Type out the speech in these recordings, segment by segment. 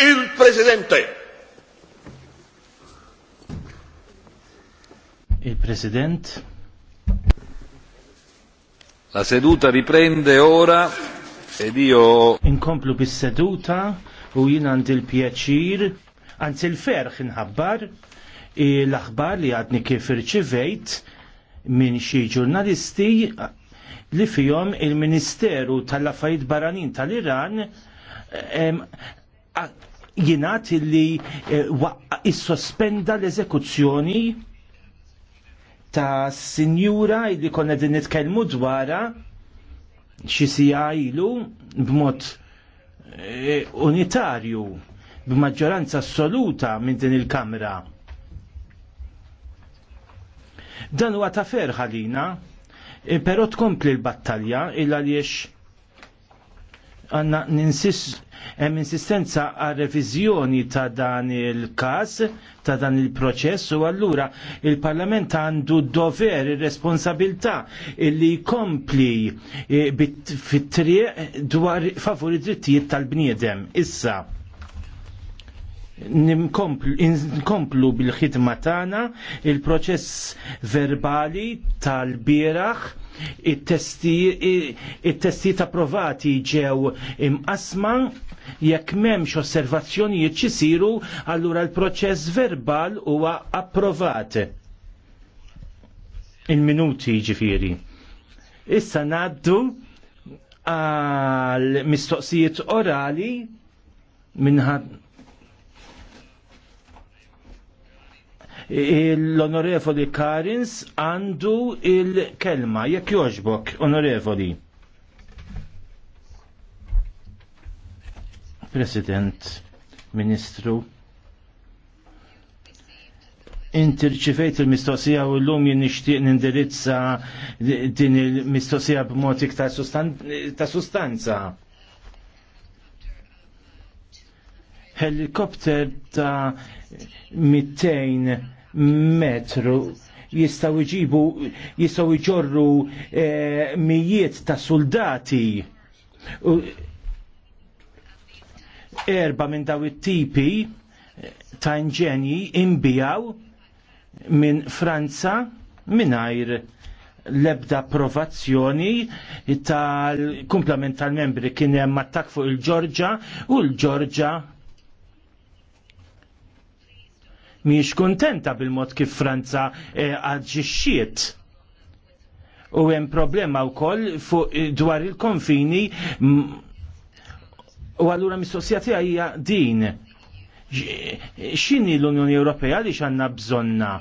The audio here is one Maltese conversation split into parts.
Il-Presidente. Il-President. La seduta riprende ora ed io... Inkomplu bis-seduta u jien għandi il pjaċir għandi il ferħ nħabbar, l-aħbar li għadni kif irċivejt minn xi ġurnalisti li fihom il-Ministeru tal-Affarijiet Baranin tal-Iran jingħad li eh, issospenda l-eżekuzzjoni ta' sinjura li konna din nitkellmu dwara xi sija ilu b'mod eh, unitarju b'maġġoranza assoluta minn din il-Kamra. Dan huwa ta' ferħalina, eh, però tkompli l-battalja illa għaliex għanna hemm insistenza għal reviżjoni ta' dan il-każ, ta' dan il-proċess u allura il-Parlament għandu dover ir-responsabilità il li jkompli eh, fit-triq dwar id drittijiet tal-bniedem. Issa, nkomplu bil-ħidma tagħna il-proċess verbali tal-bieraħ it-testi ta' provati ġew imqasma jekk m'hemmx osservazzjonijiet ċisiru allura l-proċess verbal huwa approvat. Il-minuti ġifieri. Issa ngħaddu għal mistoqsijiet orali minħad l-onorevoli Karins għandu il-kelma, jekk joġbok, onorevoli. President, Ministru, inti rċifejt il-mistoqsija u l-lum jien nindirizza din il-mistoqsija b'mod iktar ta' sustanza. Helikopter ta' 200 metru jistaw iġibu jistaw iġorru eh, mijiet ta' soldati erba minn daw it-tipi ta' inġenji imbijaw minn Franza mingħajr l-ebda approvazzjoni tal-kumplament tal-membri kien hemm fuq il-Ġorġa u l-Ġorġa miex kontenta bil-mod kif Franza għadġixiet. Eh, u hemm problema wkoll fuq eh, dwar il-konfini u allura mistoqsijati hija din. X'inhi l-Unjoni Ewropea li x'għandna bżonna?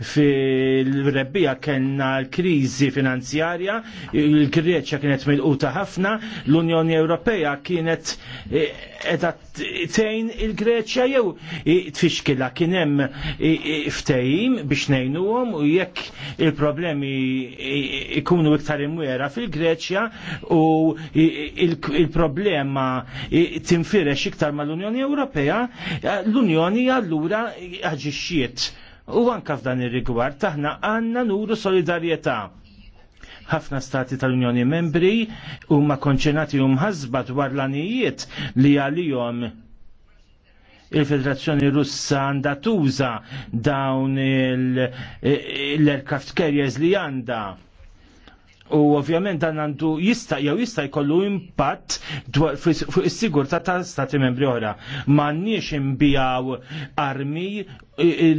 fil-rebbija kellna l-kriżi finanzjarja, il-Greċja kienet milquta ħafna, l-Unjoni Ewropea kienet eh, edha tejn il-Greċja jew tfixkila kien hemm ftehim biex ngħinuhom u jekk il-problemi ikunu iktar imwera fil-Greċja u il-problema tinfirex iktar mal-Unjoni Ewropea, eh, l-Unjoni allura aġixxiet u anka f'dan ir-rigward taħna għandna nuru solidarjetà ħafna stati tal-Unjoni Membri huma konċenati u mħazba dwar l-anijiet li għalihom il-Federazzjoni Russa għandha tuża dawn l-aircraft carriers li għandha U ovvjament dan għandu jista' jew jista' jkollu impatt fuq is-sigurtà ta' stati membri oħra. M'għandniex imbijaw armi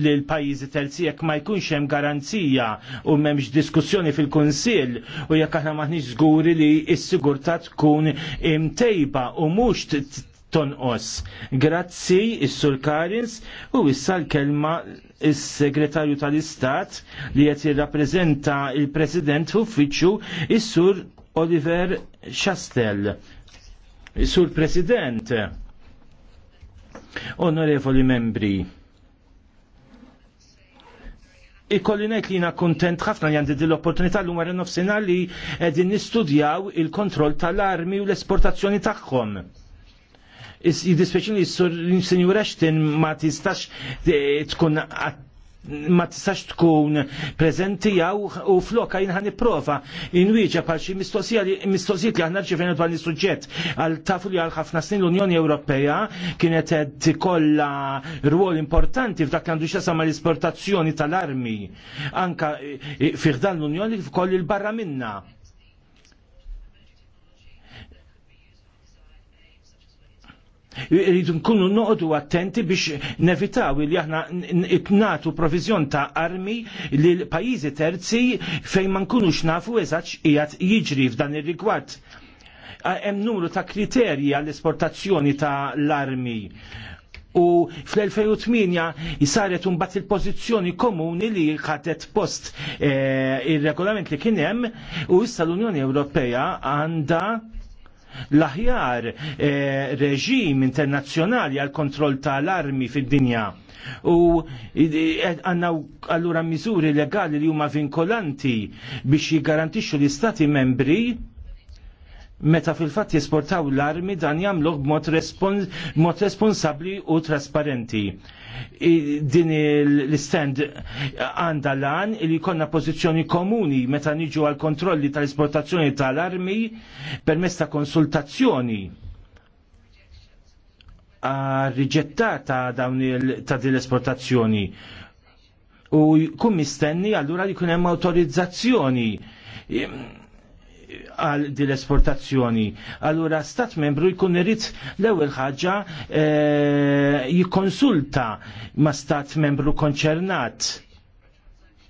lil pajjiżi terzi jekk ma jkunx hemm garanzija u m'hemmx diskussjoni fil-Kunsill u jekk aħna maħniex żguri li s-sigurtà tkun imtejba u mhux tonqos. Grazzi is-Sur Karins u issa l-kelma is segretarju tal-Istat li qed jirrappreżenta l president f'uffiċċju is-Sur Oliver Chastel. Is-Sur President. Onorevoli membri, ikolli ngħid li jiena kuntent ħafna li għandi din l-opportunità l għara nofsinhar li qegħdin nistudjaw il-kontroll tal-armi u l-esportazzjoni tagħhom Jidispeċini l sinjur Ashton ma tistax eh, tkun ma tistax tkun prezenti jaw u floka jinħan niprofa inwieġa pal xi mistoqsijiet li aħna rċevejna dwar is-suġġett għal tafu li għal ħafna snin l-Unjoni Ewropea kienet qed tikollha rwol importanti f'dak għandu xasam għal l-esportazzjoni tal-armi anka eh, eh, fiħdan l-Unjoni koll il-barra minna Rridu nkunu noqdu attenti biex nevitaw li aħna itnatu provizjon ta' armi lil pajjiżi terzi fejn ma nkunux nafu eżatt qiegħed jiġri f'dan ir-rigward. Hemm numru ta' kriterji għall-esportazzjoni ta' l-armi U fl-2008 saret bat il-pozizjoni komuni li ħatet post eh, il-regolament li kienem u issa l-Unjoni Ewropea għanda l-aħjar eh, reġim internazzjonali għal kontroll tal-armi fid-dinja. U eh, għanna allura miżuri legali li huma vinkolanti biex jgarantixxu l-istati membri meta fil-fatt jesportaw l-armi dan jagħmluh b'mod respons responsabbli u trasparenti. Din l-stand għandha lan li jkollna pożizzjoni komuni meta niġu għal kontrolli tal-esportazzjoni tal-armi permezz ta' konsultazzjoni riġettata dawn ta' din l-esportazzjoni u jkun mistenni allura li jkun hemm awtorizzazzjoni għal din l-esportazzjoni. Allura stat membru jkun irid l-ewwel ħaġa jikonsulta eh, jikkonsulta ma' stat membru konċernat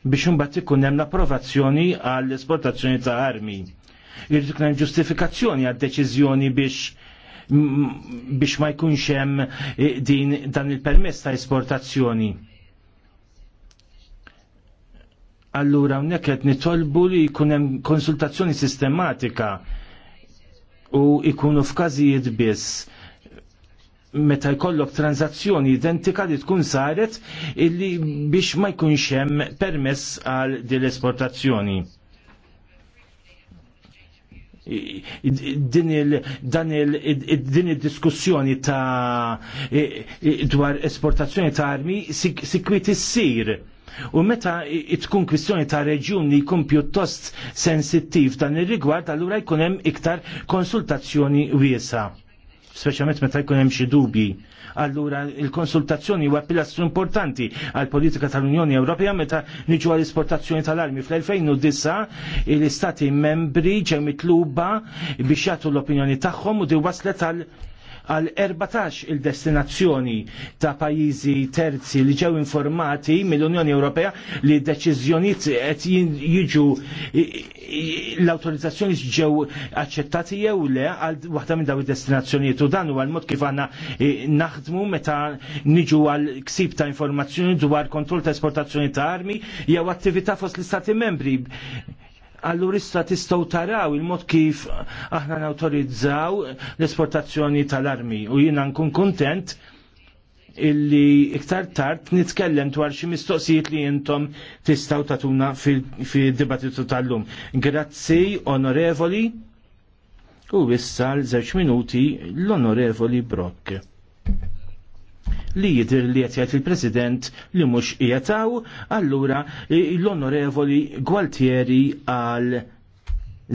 biex imbagħad ikun hemm l-approvazzjoni għall esportazzjoni ta' armi. Irrid ikun hemm ġustifikazzjoni għad-deċiżjoni biex biex ma jkunx hemm eh, din dan il-permess ta' esportazzjoni Allura hawnhekk qed nitolbu li jkun hemm konsultazzjoni sistematika u jkunu f'każijiet biss meta jkollok tranzazzjoni identika li tkun saret illi biex ma jkunx hemm permess għal din l-esportazzjoni. Din il-diskussjoni ta' dwar esportazzjoni ta' armi sikwiet issir. U meta tkun kwistjoni ta' reġjun li jkun pjuttost sensittiv dan ir-rigward, allura jkun hemm iktar konsultazzjoni wiesa' speċjalment meta jkun hemm xi dubji. Allura il-konsultazzjoni huwa pilastru importanti għal politika tal-Unjoni Ewropea meta niġu għal esportazzjoni tal-armi fl-2009 l istati membri ġew mitluba biex jagħtu l-opinjoni tagħhom u di waslet għal għal 14 il-destinazzjoni ta' pajjiżi terzi li ġew informati mill-Unjoni Ewropea li deċiżjonijiet qed jiġu l-autorizzazzjoni ġew aċċettati jew le għal waħda minn dawn id-destinazzjonijiet u dan huwa l-mod kif għandna naħdmu meta niġu għal ksib ta' informazzjoni dwar kontroll ta' esportazzjoni ta' armi jew attività fost l-Istati membri Allura issa tistgħu taraw il-mod kif aħna nawtorizzaw l-esportazzjoni tal-armi u jiena nkun kuntent illi iktar tard nitkellem dwar xi mistoqsijiet li intom tistgħu tatuna fid-dibattitu tal-lum. Grazzi, onorevoli, u issa l-żewġ minuti l-onorevoli Brock li jidir li jatjat il-President li mux jataw, allura e, l-Onorevoli Gualtieri għal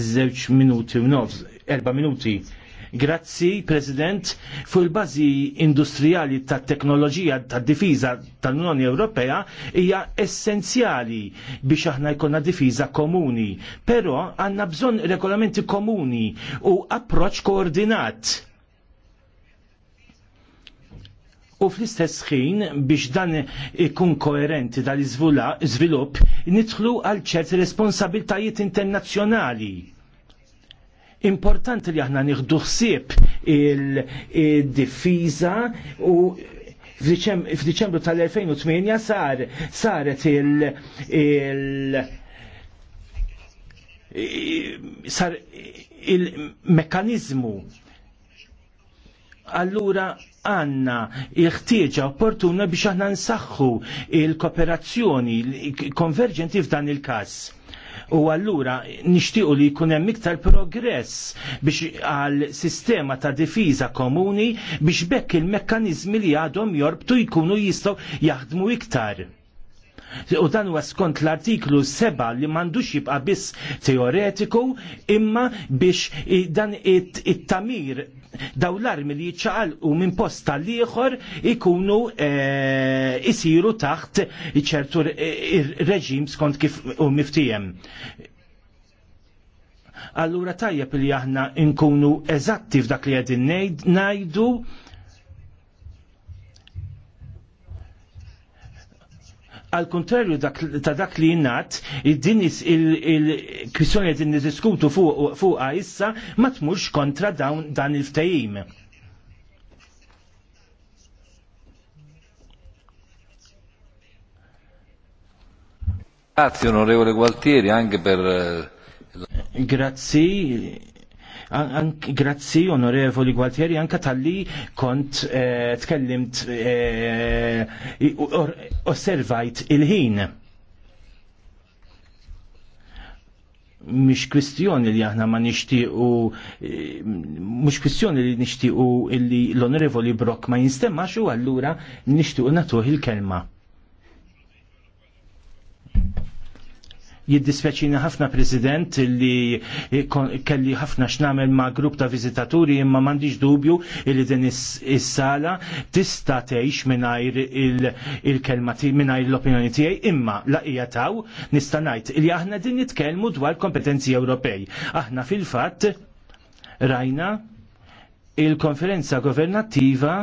zewċ minuti u nofs, erba minuti. Grazzi, President, fu il-bazi industrijali ta' teknoloġija ta' difiża tal-Unjoni Ewropea hija essenzjali biex aħna jkollna difiża komuni. Però għandna bżonn regolamenti komuni u approċċ koordinat u fl-istess ħin biex dan ikun koerenti dal iżvilupp nidħlu għal ċerti responsabiltajiet internazzjonali. Importanti li aħna nieħdu ħsieb il-difiża u f'Diċembru tal-2008 sar saret il, il sar il-mekanizmu allura għanna iħtieġa ħtieġa opportuna biex aħna nsaħħu il-kooperazzjoni konverġenti f'dan il-każ. U allura nixtiequ li jkun hemm iktar progress biex għal sistema ta' difiża komuni biex bekk il mekkaniżmi li għadhom jorbtu jkunu jistgħu jaħdmu iktar. U dan huwa skont l-artiklu 7 li m'għandux jibqa' biss teoretiku imma biex dan it-tamir daw l-armi li jċaqalqu minn posta liħor ikunu eh, isiru taħt ċertu eh, reġim skont kif u miftijem. Allura tajjeb li aħna nkunu eżatti f'dak li qegħdin ngħidu Al kontrarju ta' dak li jinnat, id-dinis il-kwissjoni din niżiskutu fuqa issa ma tmurx kontra dan il-ftajim. Grazie onorevole Gualtieri anche per eh, Grazie. Grazzi, onorevoli Gualtieri, anka tal-li kont eh, tkellimt eh, osservajt il-ħin. Mhix kwistjoni li aħna ma u eh, mhux kwistjoni li nixtiequ li l-onorevoli Brock ma jinstemax u allura nixtiequ natuħ il-kelma. jiddispeċina ħafna President li kelli ħafna x'namel ma' grupp ta' viżitaturi imma m'għandix dubju li din is-sala tista' tgħix mingħajr il-kelma mingħajr l-opinjoni tiegħi imma laqija taw nista' ngħid li aħna din nitkellmu dwar kompetenzi Ewropej. Aħna fil-fatt rajna il-konferenza governattiva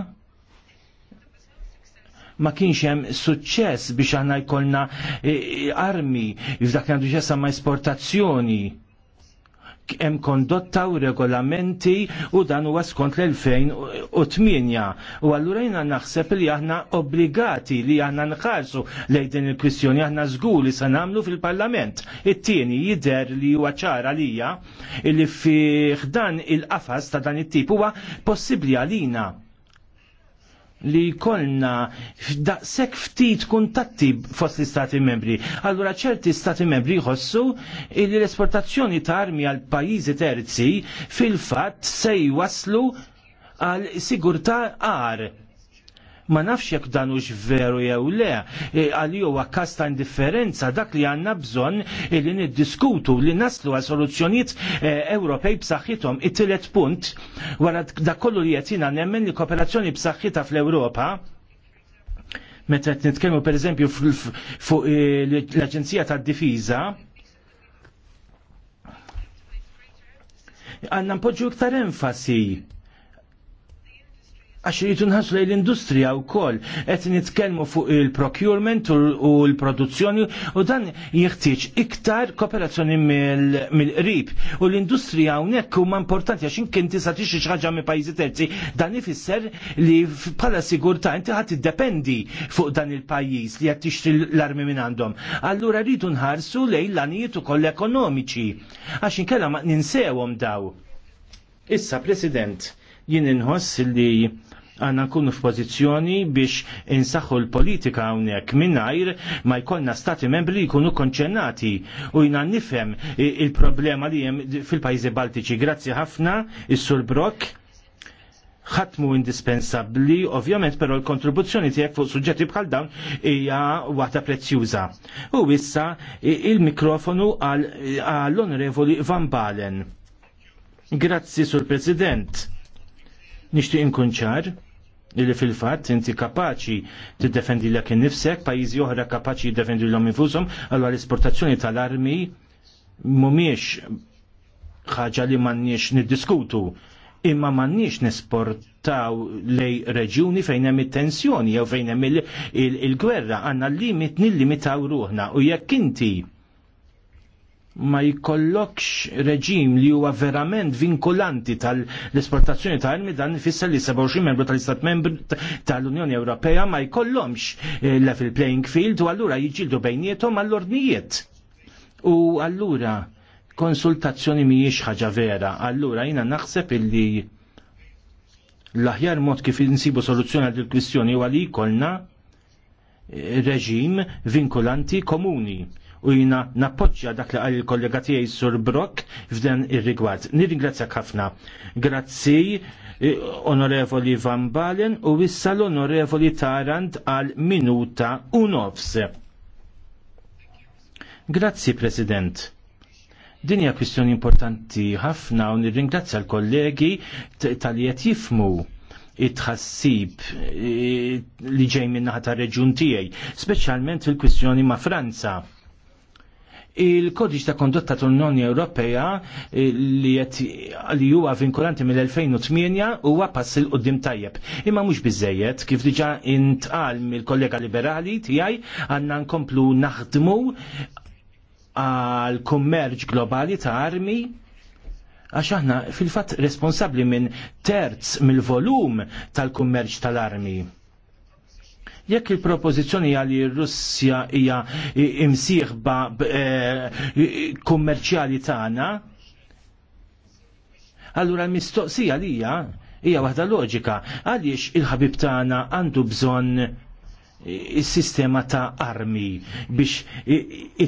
ma kienx hemm suċċess biex aħna jkollna e, e, armi f'dak għandu ġesa ma' esportazzjoni hemm kondotta u regolamenti u dan huwa skont l-2008. U allura jina naħseb li aħna obbligati li aħna nħarsu lejn din il-kwistjoni aħna żguli se nagħmlu fil-Parlament. It-tieni jidher li huwa ċara lija li fih dan il-qafas ta' dan it-tip huwa possibbli għalina li kolna daqsek ftit kuntatti fost l-Stati membri. Allura ċerti Stati membri jħossu li l-esportazzjoni ta' armi għal pajizi terzi fil-fat se jwaslu għal sigurta għar ma nafx jekk dan hux veru jew le, e, għalli u għakasta ta' indifferenza dak li għandna bżonn li niddiskutu li naslu għal soluzzjonijiet e, Ewropej b'saħħithom. It-tielet punt wara dak kollu li qed jiena nemmen li kooperazzjoni b'saħħitha fl-Ewropa meta qed nitkellmu pereżempju fuq e, l-Aġenzija tad-Difiża, għanna npoġġu iktar enfasi għax rritu nħaslu l-industrija u koll, għet nitkelmu fuq il-procurement u l-produzzjoni u dan jieħtieġ iktar kooperazzjoni mill-qrib. U l-industrija unek huma importanti għax inkien tisatix tixri ħaġa pajzi terzi, dan ifisser li bħala sigurtà inti ħadd iddependi fuq dan il-pajjiż li qed tixtri l-armi minn għandhom. Allura rridu nħarsu lejn l-anijiet ukoll ekonomiċi għax inkella ma ninsewhom daw. Issa, President, jien inħoss li għanna nkunu f'pożizzjoni biex insaħħu l-politika hawnhekk mingħajr ma jkollna stati membri li jkunu konċernati u jina nifhem il-problema li hemm fil-pajjiżi Baltiċi. Grazzi ħafna is-Sur Brok. ħatmu indispensabbli, ovvjament, però l-kontribuzzjoni tiegħek fuq suġġetti bħal dawn hija waħda prezzjuża. U issa il-mikrofonu għall-Onorevoli Van Balen. Grazzi, Sur President Nixtieq inkun ċar illi fil-fatt inti kapaċi t-defendi l innifsek, pajjiżi oħra kapaċi t-defendi l għom infushom, għallu l-esportazzjoni tal-armi mhumiex ħaġa li m'għandniex niddiskutu imma manniex nesportaw lej reġjuni fejn hemm it-tensjoni jew fejn hemm il-gwerra għandna limit nil-limitaw ruħna u jekk inti ma jkollokx reġim li huwa verament vinkulanti tal-esportazzjoni ta' armi dan fissa li 27 membru tal-Istat membru tal-Unjoni Ewropea ma jkollhomx eh, level playing field u allura jiġildu bejniethom għall-ordnijiet. U allura konsultazzjoni mhijiex ħaġa vera, allura jiena naħseb illi l-aħjar mod kif insibu soluzzjoni għal il-kwistjoni huwa li jkollna eh, reġim vinkulanti komuni u jina nappoġġja dak li għal il-kollega tiegħi Sur Brock f'dan ir-rigward. Nirringrazzjak ħafna. Grazzi eh, onorevoli Van Balen u issa l-onorevoli Tarant għal minuta u nofs. Grazzi President. Din hija kwistjoni importanti ħafna u nirringrazzja l-kollegi tal-li jifmu it-tħassib eh, li ġej minnaħa ta' reġun tiegħi, speċjalment fil-kwistjoni ma' Franza il-kodiċ ta' kondotta tal-Unjoni Ewropea eh, li li huwa vinkolanti mill-2008 huwa pass il qoddim tajjeb. Imma mhux biżejjed kif diġà intqal mill-kollega liberali tiegħi għandna nkomplu naħdmu għal kummerġ globali ta' armi għax aħna fil-fatt responsabbli minn terz mill-volum tal-kummerġ tal-armi. Jekk il-propożizzjoni għal russja hija imsieħba eh, kummerċjali tagħna, allura l-mistoqsija li hija hija waħda loġika għaliex il-ħabib tagħna għandu bżonn il-sistema ta' armi biex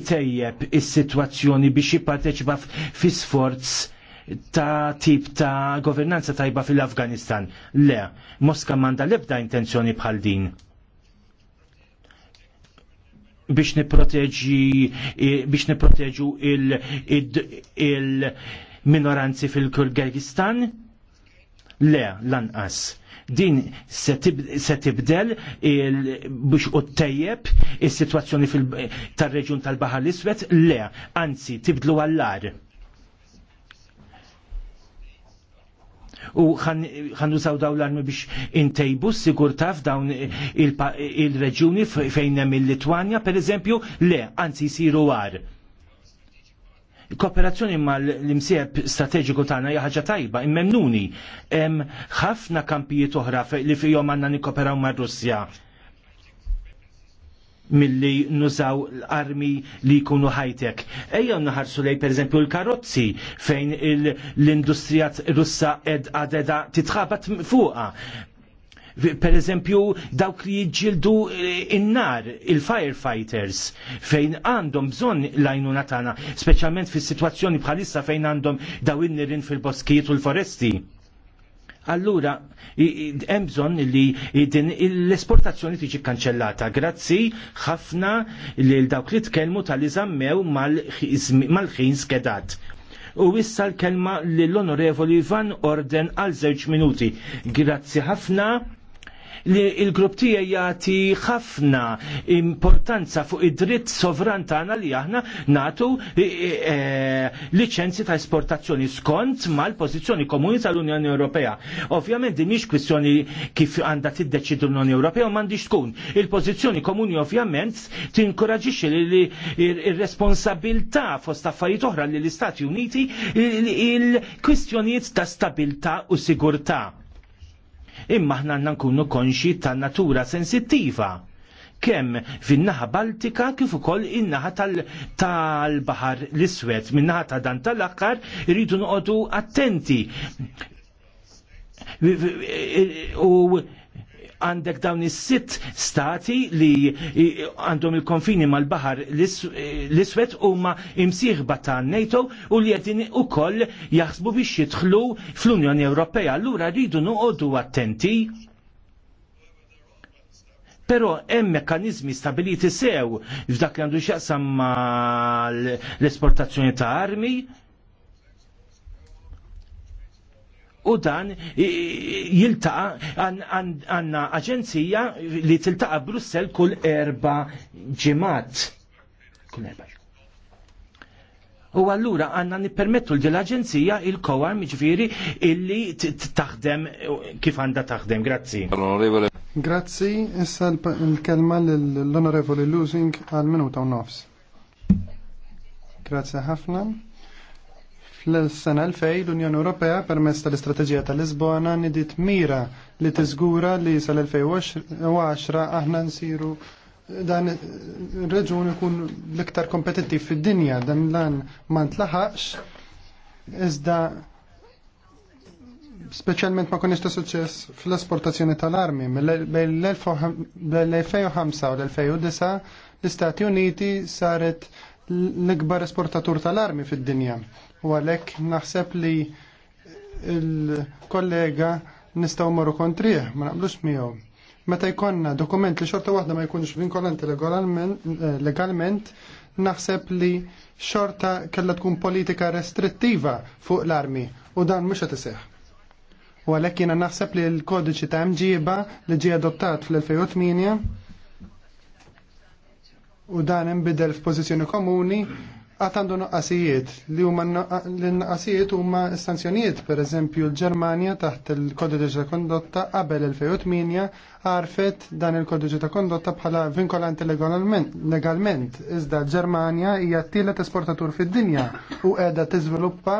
itejjeb il-situazzjoni biex jipparteċipa fi sforz ta' tip ta' governanza tajba fil-Afganistan. Le, Moska manda lebda intenzjoni bħal din biex niproteġi biex niproteġu il-minoranzi fil-Kurgistan? Le, lanqas din se tibdel biex u tejjeb is-sitwazzjoni tar-reġjun tal-Baħar l-Iswed le, anzi tibdlu għallar. u ħannu saw daw l-armi biex intejbu s taf dawn il-reġuni fejn hemm il-Litwanja, per eżempju, le, anzi jisiru għar. Kooperazzjoni ma l-imsieb strateġiku tagħna hija ħaġa tajba, immemnuni, hemm ħafna kampijiet oħra li fihom għandna nikkoperaw mar-Russja milli nużaw l-armi li jkunu ħajtek. tech Ejja naħarsu lej per eżempju l-karozzi fejn l-industrija russa ed għadeda titħabat fuqa. Per eżempju dawk li jġildu eh, in-nar, il-firefighters, fejn għandhom bżon lajnuna tagħna, speċjalment fis-sitwazzjoni bħalissa fejn għandhom daw in-nirin fil-boskijiet u l-foresti allura hemm bżonn li l-esportazzjoni tiġi kanċellata. Grazzi ħafna lil dawk li tkellmu tal iżammew mal-ħin skedat. U issa l-kelma lill onorevoli Van Orden għal żewġ minuti. Grazzi ħafna li il-grupp tiegħi jagħti ħafna importanza fuq id-dritt sovran tagħna li aħna nagħtu liċenzi ta' esportazzjoni skont mal-pożizzjoni komuni tal-Unjoni Ewropea. Ovvjament din mhix kwistjoni kif għandha tiddeċidu l-Unjoni Ewropea u m'għandix tkun. Il-pożizzjoni komuni ovvjament tinkoraġixxi li ir-responsabilità fost affarijiet oħra li l-Istati Uniti il-kwistjonijiet ta' stabilità u sigurtà imma ħna għandna nkunu konxi ta' natura sensittiva kemm fin-naħa Baltika kif ukoll in-naħa tal-Baħar tal l-Iswed, min-naħa ta' dan tal-aħħar iridu noqogħdu attenti. U għandek dawn is-sitt stati li għandhom il-konfini mal-bahar l-iswed huma imsieħba ta' NATO u li qegħdin ukoll jaħsbu biex jidħlu fl-Unjoni Ewropea. Allura rridu noqogħdu attenti Pero hemm mekkanizmi stabiliti sew f'dak li għandu x'jaqsam l-esportazzjoni ta' armi, u dan jiltaqa għanna aġenzija li tiltaqa Brussel kull erba ġimat. Kull erba U għallura għanna nipermettu l-dil-agenzija il-kowar miġviri illi taħdem kif għanda taħdem. Grazzi. Grazzi, issa l-kelma l-Onorevoli Losing għal minuta u nofs. Grazzi ħafna. Fl-sena 2000 l-Unjoni Ewropea permezz tal-Istrateġija tal-Lisbona nidiet mira li tiżgura li sal-2010 aħna nsiru dan reġun ikun l-iktar kompetittiv fid-dinja dan lan ma ntlaħaqx iżda specialment ma konniex ta' suċċess fl-esportazzjoni tal-armi. Bejn l-2005 u l-2009 l-Istati Uniti saret l-ikbar esportatur tal-armi fid-dinja u għalhekk naħseb li il-kollega nistgħu marru kontrih, ma naqblux miegħu. Meta jkollna dokument li xorta waħda ma jkunx vinkolanti legalment, naħseb li xorta kellha tkun politika restrittiva fuq l-armi u dan mhux qed iseħħ. U għalhekk jiena naħseb li l-kodiċi ta' mġiba li ġie adottat fl-2008 u dan inbidel f'pożizzjoni komuni għatandu għandu nuqqasijiet li huma l-nuqqasijiet huma sanzjonijiet per eżempju l-Ġermanja taħt il kodiġi ta' kondotta qabel 2008 għarfet dan il kodiġi ta' kondotta bħala vinkolanti legalment iżda l-Ġermanja hija t-tielet esportatur fid-dinja u qiegħda tiżviluppa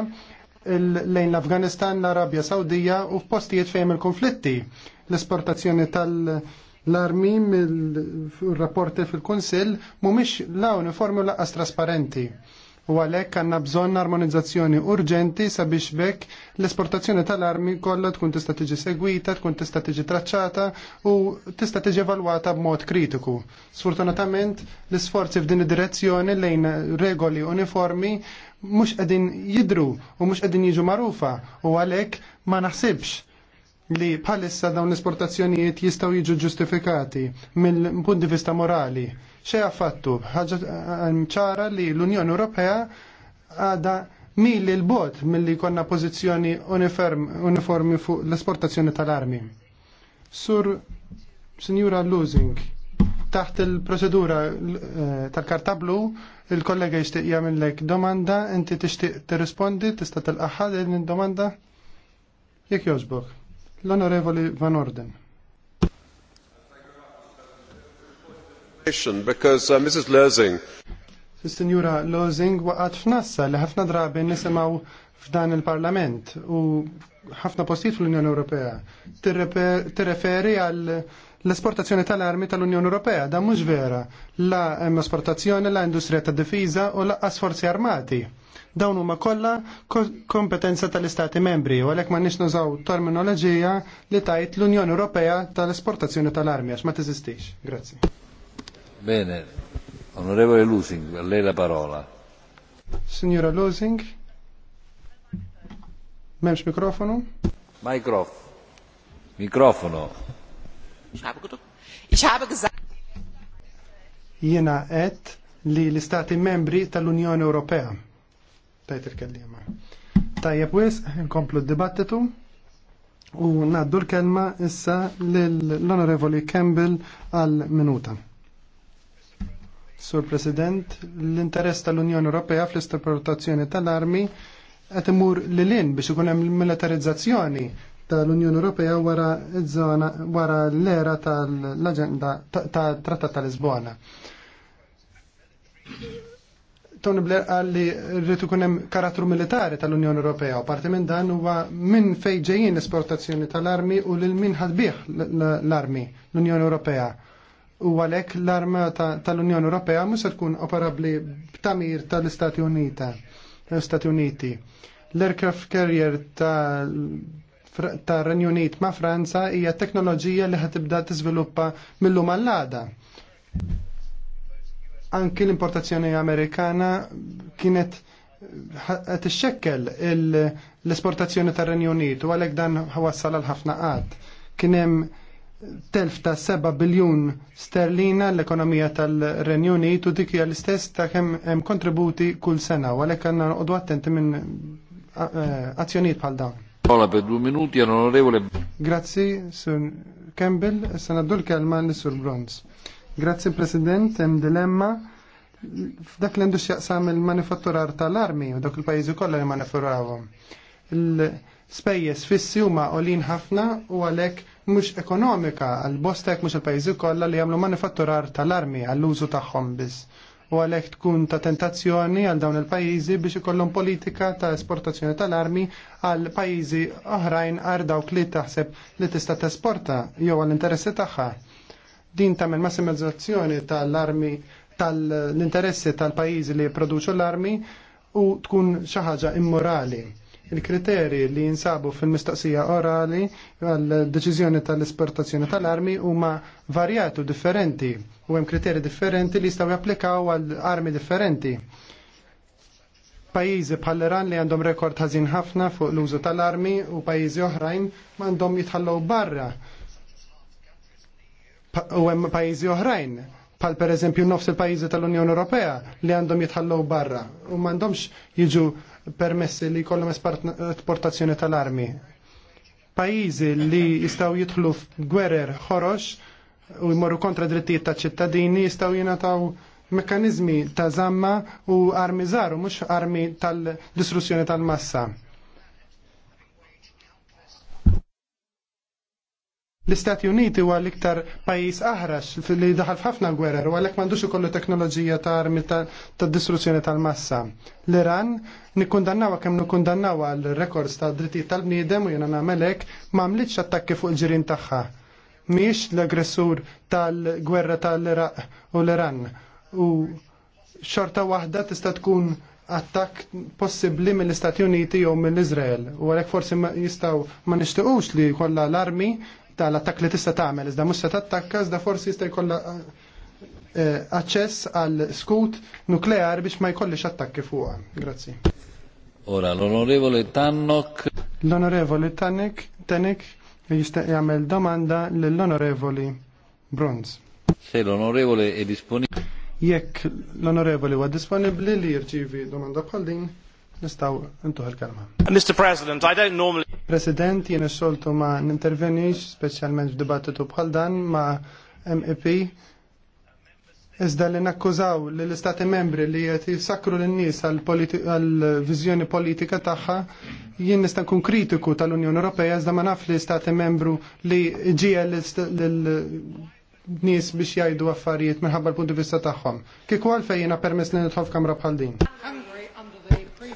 lejn l-Afganistan, l-Arabja Sawdija u f'postijiet fejn il-konflitti l-esportazzjoni tal- L-armi mill-rapporti fil-Kunsill mhumiex la uniformi laqqas trasparenti u għalhekk għandna bżonn armonizzazzjoni urġenti sabiex bekk l-esportazzjoni tal-armi kollha tkun tista' tiġi segwita, tkun tista' tiġi traċċata u tista' tiġi evalwata b'mod kritiku. Sfortunatament l-isforzi f'din id-direzzjoni lejn regoli uniformi mhux qegħdin jidru u mhux qegħdin jiġu magħrufa u għalhekk ma naħsibx li bħalissa dawn l-esportazzjonijiet jistaw jiġu ġustifikati mill-punt di vista morali. Xe għaffattu? ħagġa ehm, ċara li l-Unjoni Ewropea għada mil il-bot mill-li konna pozizjoni uniformi fuq l-esportazzjoni tal-armi. Sur Signora Losing, taħt il-prosedura eh, tal-karta blu, il-kollega jishtiq jagħmellek domanda, inti tixtieq tirrispondi, tista' tilqaħħa din domanda jekk jogħġbok l-Onorevoli Van Orden. Because uh, Mrs. Lersing f'nassa li ħafna drabi nisimgħu f'dan il-Parlament u ħafna postijiet fl-Unjoni Ewropea. Tirreferi għal l-esportazzjoni tal-armi tal-Unjoni Ewropea, da mhux vera. La esportazzjoni la industrija tad-difiża u laqqas forzi armati. Dawn huma kollha kompetenza tal-Istati membri u għalhekk ma nix nużaw terminoloġija li tajt l-Unjoni Ewropea tal-esportazzjoni tal-armi għax ma teżistix. Grazzi. Bene, onorevole Lusing, a lei la parola. Signora Lusing, memx mikrofonu? Mikrof. Mikrofono. Jena et li l-Istati membri tal-Unjoni Ewropea tajt kellima Tajjeb wis, nkomplu d-dibattitu u naddu l-kelma issa l-Onorevoli Campbell għal-minuta. Sur President, l-interess tal-Unjoni Ewropea fl istrapportazzjoni tal-armi qed imur lilin biex ikun hemm militarizzazzjoni tal-Unjoni Ewropea wara żona wara l-era tal-aġenda tat-Trattat tal Lisbona Tony Blair qal li rritu kunem karattru militari tal-Unjoni Ewropea u parti minn dan huwa minn fejn ġejjin l-esportazzjoni tal-armi u lil min ħadbih l-armi l-Unjoni Ewropea. U għalhekk l-arma tal-Unjoni Ewropea mhux se tkun operabbli b'tamir tal-Istati Unita. Stati Uniti. L-aircraft carrier ta' Renju Unit ma' Franza hija teknoloġija li ħatibda tiżviluppa mill-lum għall-għada. Anki l-importazzjoni Amerikana kienet qed ixxekkel l-esportazzjoni tar-Renju Unit u għalhekk dan għawassal għal ħafna għad. Kien hemm telf ta' 7 biljun sterlina l-ekonomija tal-Renju Unit u dik hija l-istess ta' kemm hemm kontributi kull sena u għalhekk għandna noqogħdu attenti minn eh, azzjonijiet bħal dawn. Ola per due minuti onorevole. Grazzi, Sur Campbell, issa naddu l-kelma l-Sur Bronze. Grazzi President, hemm dilemma f'dak li għandu jaqsam il-manifatturar tal-armi u dak il-pajjiżi kollha li manifatturawhom. Il-spejjeż fissi huma għolin ħafna u għalhekk mhux ekonomika għal bostek mhux il-pajjiżi kollha li jagħmlu manifatturar tal-armi għall-użu tagħhom biss u għalhekk tkun ta' tentazzjoni għal dawn il-pajjiżi biex ikollhom politika ta' esportazzjoni tal-armi għal pajjiżi oħrajn għar dawk li taħseb li tista' tesporta jew għall interessi tagħha din tagħmel massimizzazzjoni tal-armi tal-interessi tal-pajjiżi li produċu l-armi u tkun xaħġa ħaġa immorali. Il-kriteri li jinsabu fil-mistaqsija orali għal-deċiżjoni tal-esportazzjoni tal-armi huma varjati u differenti u hemm kriteri differenti li jistgħu japplikaw għal armi differenti pajizi bħal iran li għandhom rekord ħażin ħafna fuq l-użu tal-armi u pajizi oħrajn m'għandhom jitħallgħu barra u hemm pajjiżi oħrajn pal per eżempju nofs il pajjiżi tal-Unjoni Ewropea li għandhom jitħallgħu barra u m'għandhomx jiġu permessi li jkollhom esportazzjoni tal-armi. Pajjiżi li jistgħu jidħlu f'gwerer ħorox u jmorru kontra drittijiet ta' ċittadini jistgħu jingħataw mekkaniżmi ta' zamma u armi żaru mhux armi tal-distruzzjoni tal-massa. L-Istati Uniti huwa l-iktar pajjiż aħrax li daħal f'ħafna gwerer u għalhekk m'għandux ukoll teknoloġija ta' armi ta' distruzzjoni tal-massa. L-Iran nikkundannawa kemm nikkundannawa għal rekords ta' drittijiet tal-bniedem u jiena nagħmel hekk m'għamlitx attakki fuq il-ġirien tagħha. Mhix l-aggressur tal-gwerra tal-Iraq u l-Iran. U xorta waħda tista' tkun attak possibli mill-Istati Uniti jew mill-Izrael. U għalhekk forsi jistgħu ma nixtiequx li kollha l-armi tal-attak li tista' tagħmel iżda mhux se tattakka iżda forsi jista' jkollha eh, eh, aċċess għal skut nukleari biex ma jkollix attakki fuqha. Grazzi. Ora l-Onorevoli Tannok. L-Onorevoli Tannik Tannik jista' jagħmel domanda lill-Onorevoli Bronz. Se l-Onorevoli è disponibile. Jekk l-Onorevoli huwa disponibbli li jirċivi domanda bħal din, nistaw intuħ il-kalma. Mr. President, I don't normally... President, jena soltu ma n-intervenix, specialment f-dibattitu bħal dan ma MEP, Iżda li nakkużaw li l-istati membri li jgħati sakru l-nis għal-vizjoni politika taħħa, jien nista' nkun kritiku tal-Unjoni Ewropea, iżda ma naf li l-Istati membru li ġija l-nis biex jgħidu affarijiet minħabba l-punti vista tagħhom. Kikwal fejjina permess li nidħol f'kamra bħal din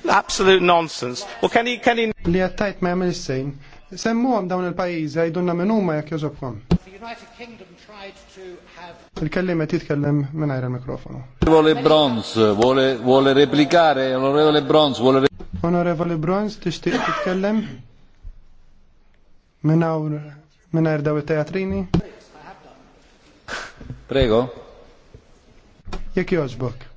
absolute nonsense. Well, can he, can he... Li għattajt ma s sejn. Semmu għam dawn il-pajiza jidunna minn huma jek jożobkom. Il-kellima kellim titkellem minn għajra mikrofonu. Vole Bronz, vole replikare, onorevole Bronz, vole... Onorevole Bronz, tixtieq titkellem? Minn għajr daw il-teatrini? Prego. Jek joġbok.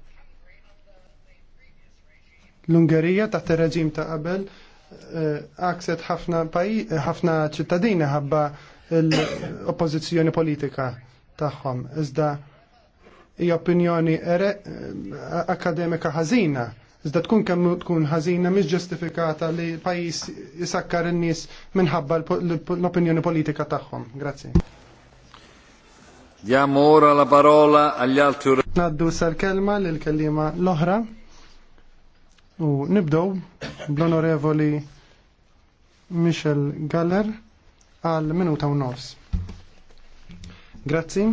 L-Ungerija taħt ir-reġim ta' qabel eh, akset ħafna ċittadini ħabba l-oppożizzjoni politika tagħhom. Iżda hija opinjoni eh, akademika ħażina. Iżda tkun kemm tkun ħażina mhix ġustifikata li pajjiż isakkar in-nies minħabba l-opinjoni politika tagħhom. Grazzi. Diamo ora la parola agli altri. Naddu sal-kelma lil-kellima l-oħra. U nibdow bl-onorevoli Michel Galler għal minuta u nofs. Grazzi.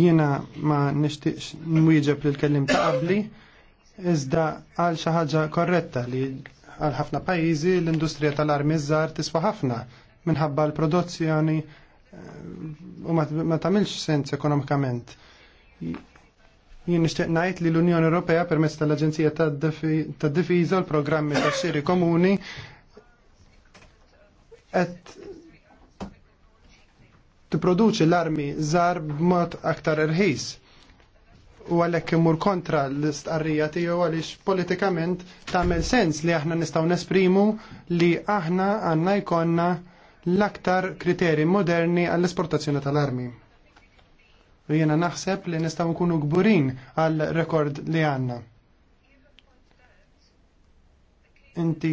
Jiena ma nishtiqx nwieġeb li l-kellim ta' qabli, iżda għal xi ħaġa korretta li għal ħafna pajjiżi l-industrija tal-armi żgħar tiswa ħafna minħabba l-produzzjoni eh, u ma tagħmilx sens ekonomikament Jien nixtieq ngħid li l-Unjoni Ewropea permezz tal-Aġenzija tad-Difiża l-programmi tax-xiri komuni qed tipproduċi l-armi żgħar b'mod aktar irħis u għalhekk imur kontra l-istqarrija tiegħu għaliex politikament tagħmel sens li aħna nistgħu nesprimu li aħna għandna jkollna l-aktar kriteri moderni għall-esportazzjoni tal-armi. U jena naħseb li nistaw nkunu gburin għal rekord li għanna. Inti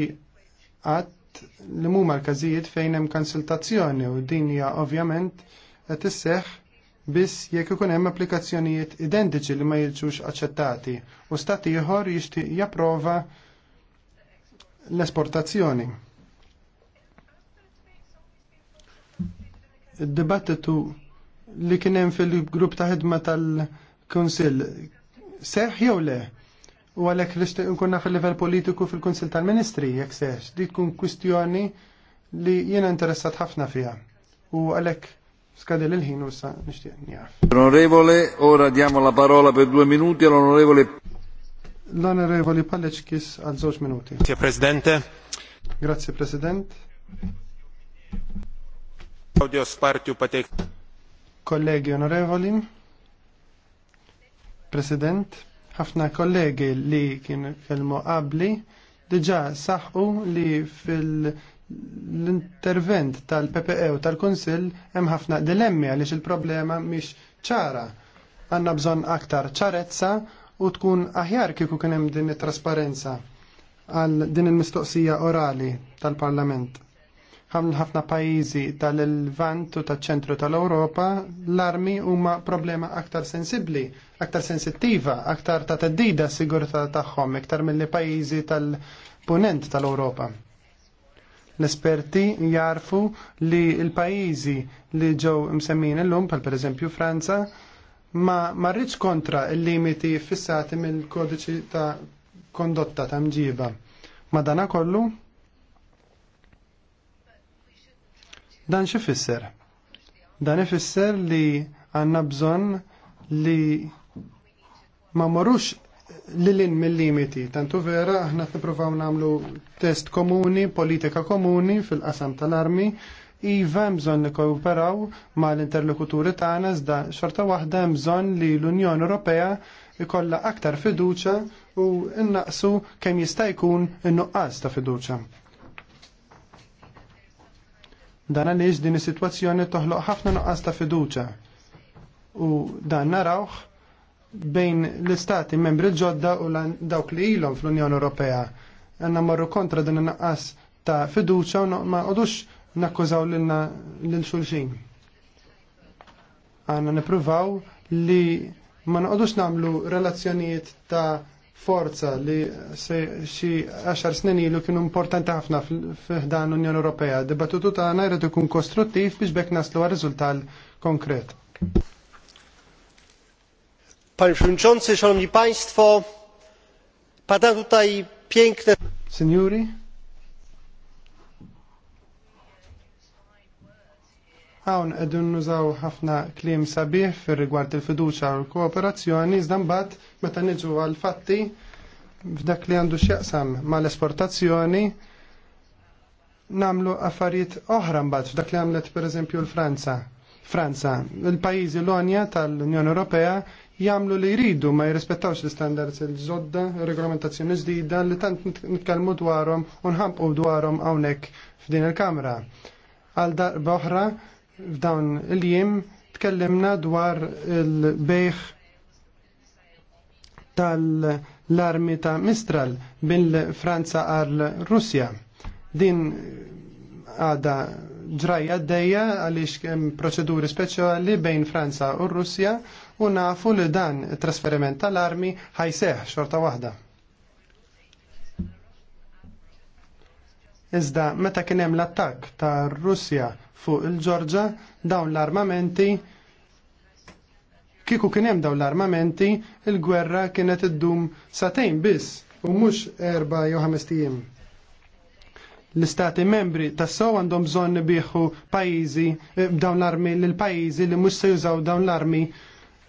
għat li mu l-kazijiet fejn hemm konsultazzjoni u din hija ovvjament qed isseħħ biss jekk ikun hemm applikazzjonijiet identiċi li ma jiġux aċċettati u stat ieħor jixtieq japprova l-esportazzjoni. Id-dibattitu li kien hemm fil-grupp ta' ħidma tal-Kunsill seħħ jew le? U għalhekk nixtieq nkun naf il-livell politiku fil-Kunsill tal-Ministri jekk seħħ, di tkun kwistjoni li jiena interessat ħafna fiha. U għalhekk skadil il-ħin u sa nishtiq njaf. Onorevole, ora diamo la parola per due minuti all'onorevole. L'onorevole Paleckis għal żewġ minuti. Grazie Presidente. Grazie President. Audio Spartiu patek. Kollegi onorevoli, President, ħafna kollegi li kienu kelmu qabli diġa saħqu li fil-intervent tal-PPE u tal-Konsil hemm ħafna dilemmi għaliex il-problema mhix ċara. Għanna bżonn aktar ċarezza u tkun aħjar kieku kien hemm din it-trasparenza għal din il-mistoqsija orali tal-Parlament ħafna pajjiżi tal-Levant u taċ-ċentru tal-Ewropa l-armi huma problema aktar sensibbli, aktar sensittiva, aktar ta' teddida sigurtà tagħhom iktar milli pajjiżi tal-punent tal-Ewropa. L-esperti jarfu li l-pajjiżi li ġew msemmin illum, pal pereżempju Franza, ma marriċ kontra il-limiti fissati mill-kodiċi ta' kondotta ta' mġiba. Madana kollu, Dan xi fisser? Dan ifisser li għandna bżonn li ma marrux lilin mill-limiti. Tantu vera, aħna t-niprofaw namlu test komuni, politika komuni fil-qasam tal-armi, Iva mżon li kooperaw ma l-interlokuturi tagħna iżda xorta waħda mżon li l-Unjoni Ewropea ikolla aktar fiduċa u innaqsu kemm jista' jkun in-nuqqas ta' fiduċa. Dan għaliex din is-sitwazzjoni toħloq ħafna nuqqas ta' fiduċa. U dan narawh bejn l-istati membri ġodda u dawk li ilhom fl-Unjoni Ewropea. Għanna marru kontra din nuqqas ta' fiduċa u ma qodux nakkużaw lil xulxin. Għanna nippruvaw li ma noqodux namlu relazzjonijiet ta' forza li se xi 10 snin ilu kienu importanti ħafna f'dan l-Unjoni Ewropea. Dibattutu ta' għana jrid ikun kostruttiv biex bekk naslu għal riżultat konkret. Panie Przewodniczący, Szanowni Państwo, padają tutaj piękne... Signori? Hawn qegħdin nużaw ħafna kliem sabiħ fir rigward il-fiduċja u l-kooperazzjoni iżda mbagħad meta niġu għal fatti f'dak li għandu x'jaqsam mal-esportazzjoni namlu affarijiet oħra mbagħad f'dak li għamlet pereżempju l-Franza. Franza, il-pajjiżi l-onja tal-Unjoni Ewropea jagħmlu li jridu ma jirrispettawx l-istandards il-ġodda, regolamentazzjoni ġdida li tant nitkellmu dwarhom u nħampqu dwarhom hawnhekk f'din il-Kamra. Għal darba oħra f'dawn il-jiem tkellimna dwar il-bejħ tal-armi ta' Mistral bil-Franza għal Russja. Din għada ġrajja d-dejja għalix proċeduri speċjali bejn Franza u Russja u nafu li dan trasferiment tal-armi ħajseħ xorta waħda. Iżda meta kien hemm l-attakk ta' Russja fuq il-Ġorġa dawn l-armamenti kiku kien hemm dawn l-armamenti il-gwerra kienet iddum satejn biss u mhux erba' jew ħames tiem. L-istati membri tassew għandhom bżonn biħu pajjiżi eh, dawn l-armi l pajjiżi li mhux se jużaw dawn l-armi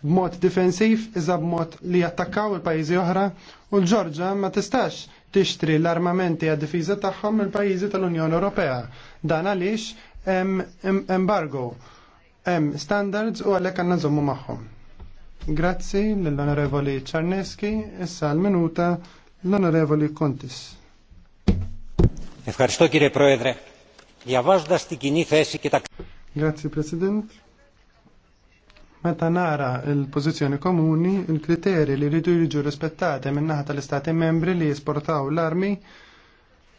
b'mod difensiv iżda b'mod li jattakkaw il-pajjiżi oħra u l-Ġorġa ma tistax tixtri l-armamenti għad difiża tagħhom mill-pajjiżi tal-Unjoni Ewropea. Dan għaliex embargo, em standards u għalhekk għandna nżommu magħhom. Grazzi l-Onorevoli Czarneski, issa l-minuta l-Onorevoli Kontis. Ευχαριστώ κύριε Πρόεδρε. Διαβάζοντας την κοινή θέση και Grazie President. Meta nara l-pożizzjoni komuni, il-kriteri li rridu jiġu rispettati min-naħa tal-Istati membri li jesportaw l-armi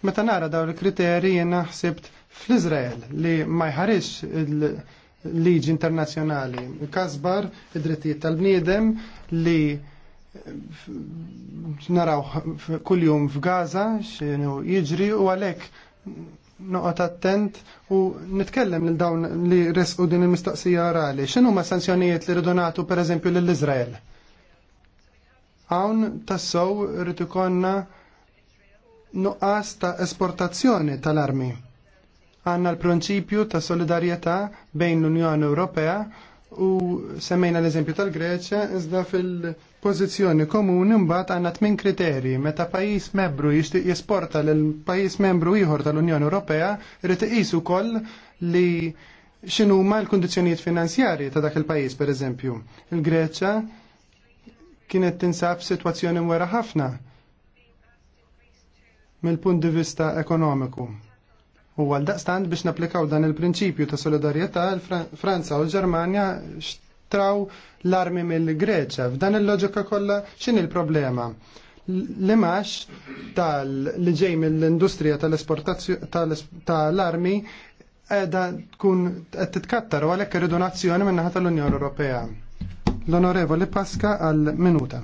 Meta nara daw il-kriterji jiena ħsibt fl-Izrael li ma jħarix il-liġi internazzjonali. Kasbar id-drittijiet tal-bniedem li naraw kull-jum f'Gaza xinu jiġri u għalek noqot attent u nitkellem lil dawn li resqu din il-mistaqsija orali. Xinu ma sanzjonijiet li ridonatu nagħtu pereżempju lill-Iżrael? Hawn tassew rritu konna nuqqas ta' esportazzjoni tal-armi. Għanna l-prinċipju ta' solidarjetà bejn l-Unjoni Ewropea u semmejna l-eżempju tal-Greċja iżda fil-pożizzjoni komuni mbagħad għandna tmien kriterji meta pajjiż membru jixtieq jesporta lil pajjiż membru ieħor tal-Unjoni Ewropea irid iqis ukoll li x'inhuma l-kundizzjonijiet finanzjarji ta' dak il-pajjiż pereżempju. Il-Greċja kienet tinsab situazzjoni mwera ħafna mill-punt di vista ekonomiku. U għal daqstant biex naplikaw dan il-prinċipju ta' solidarjetà, Franza u l-Ġermanja xtraw l-armi mill-Greċa. F'dan il-loġika kollha x'in il-problema? L-imax tal-li ġej mill-industrija tal-armi edha tkun qed titkattar u għalhekk irridu nazzjoni min-naħa tal-Unjoni Ewropea. L-Onorevoli Pasqa għal minuta.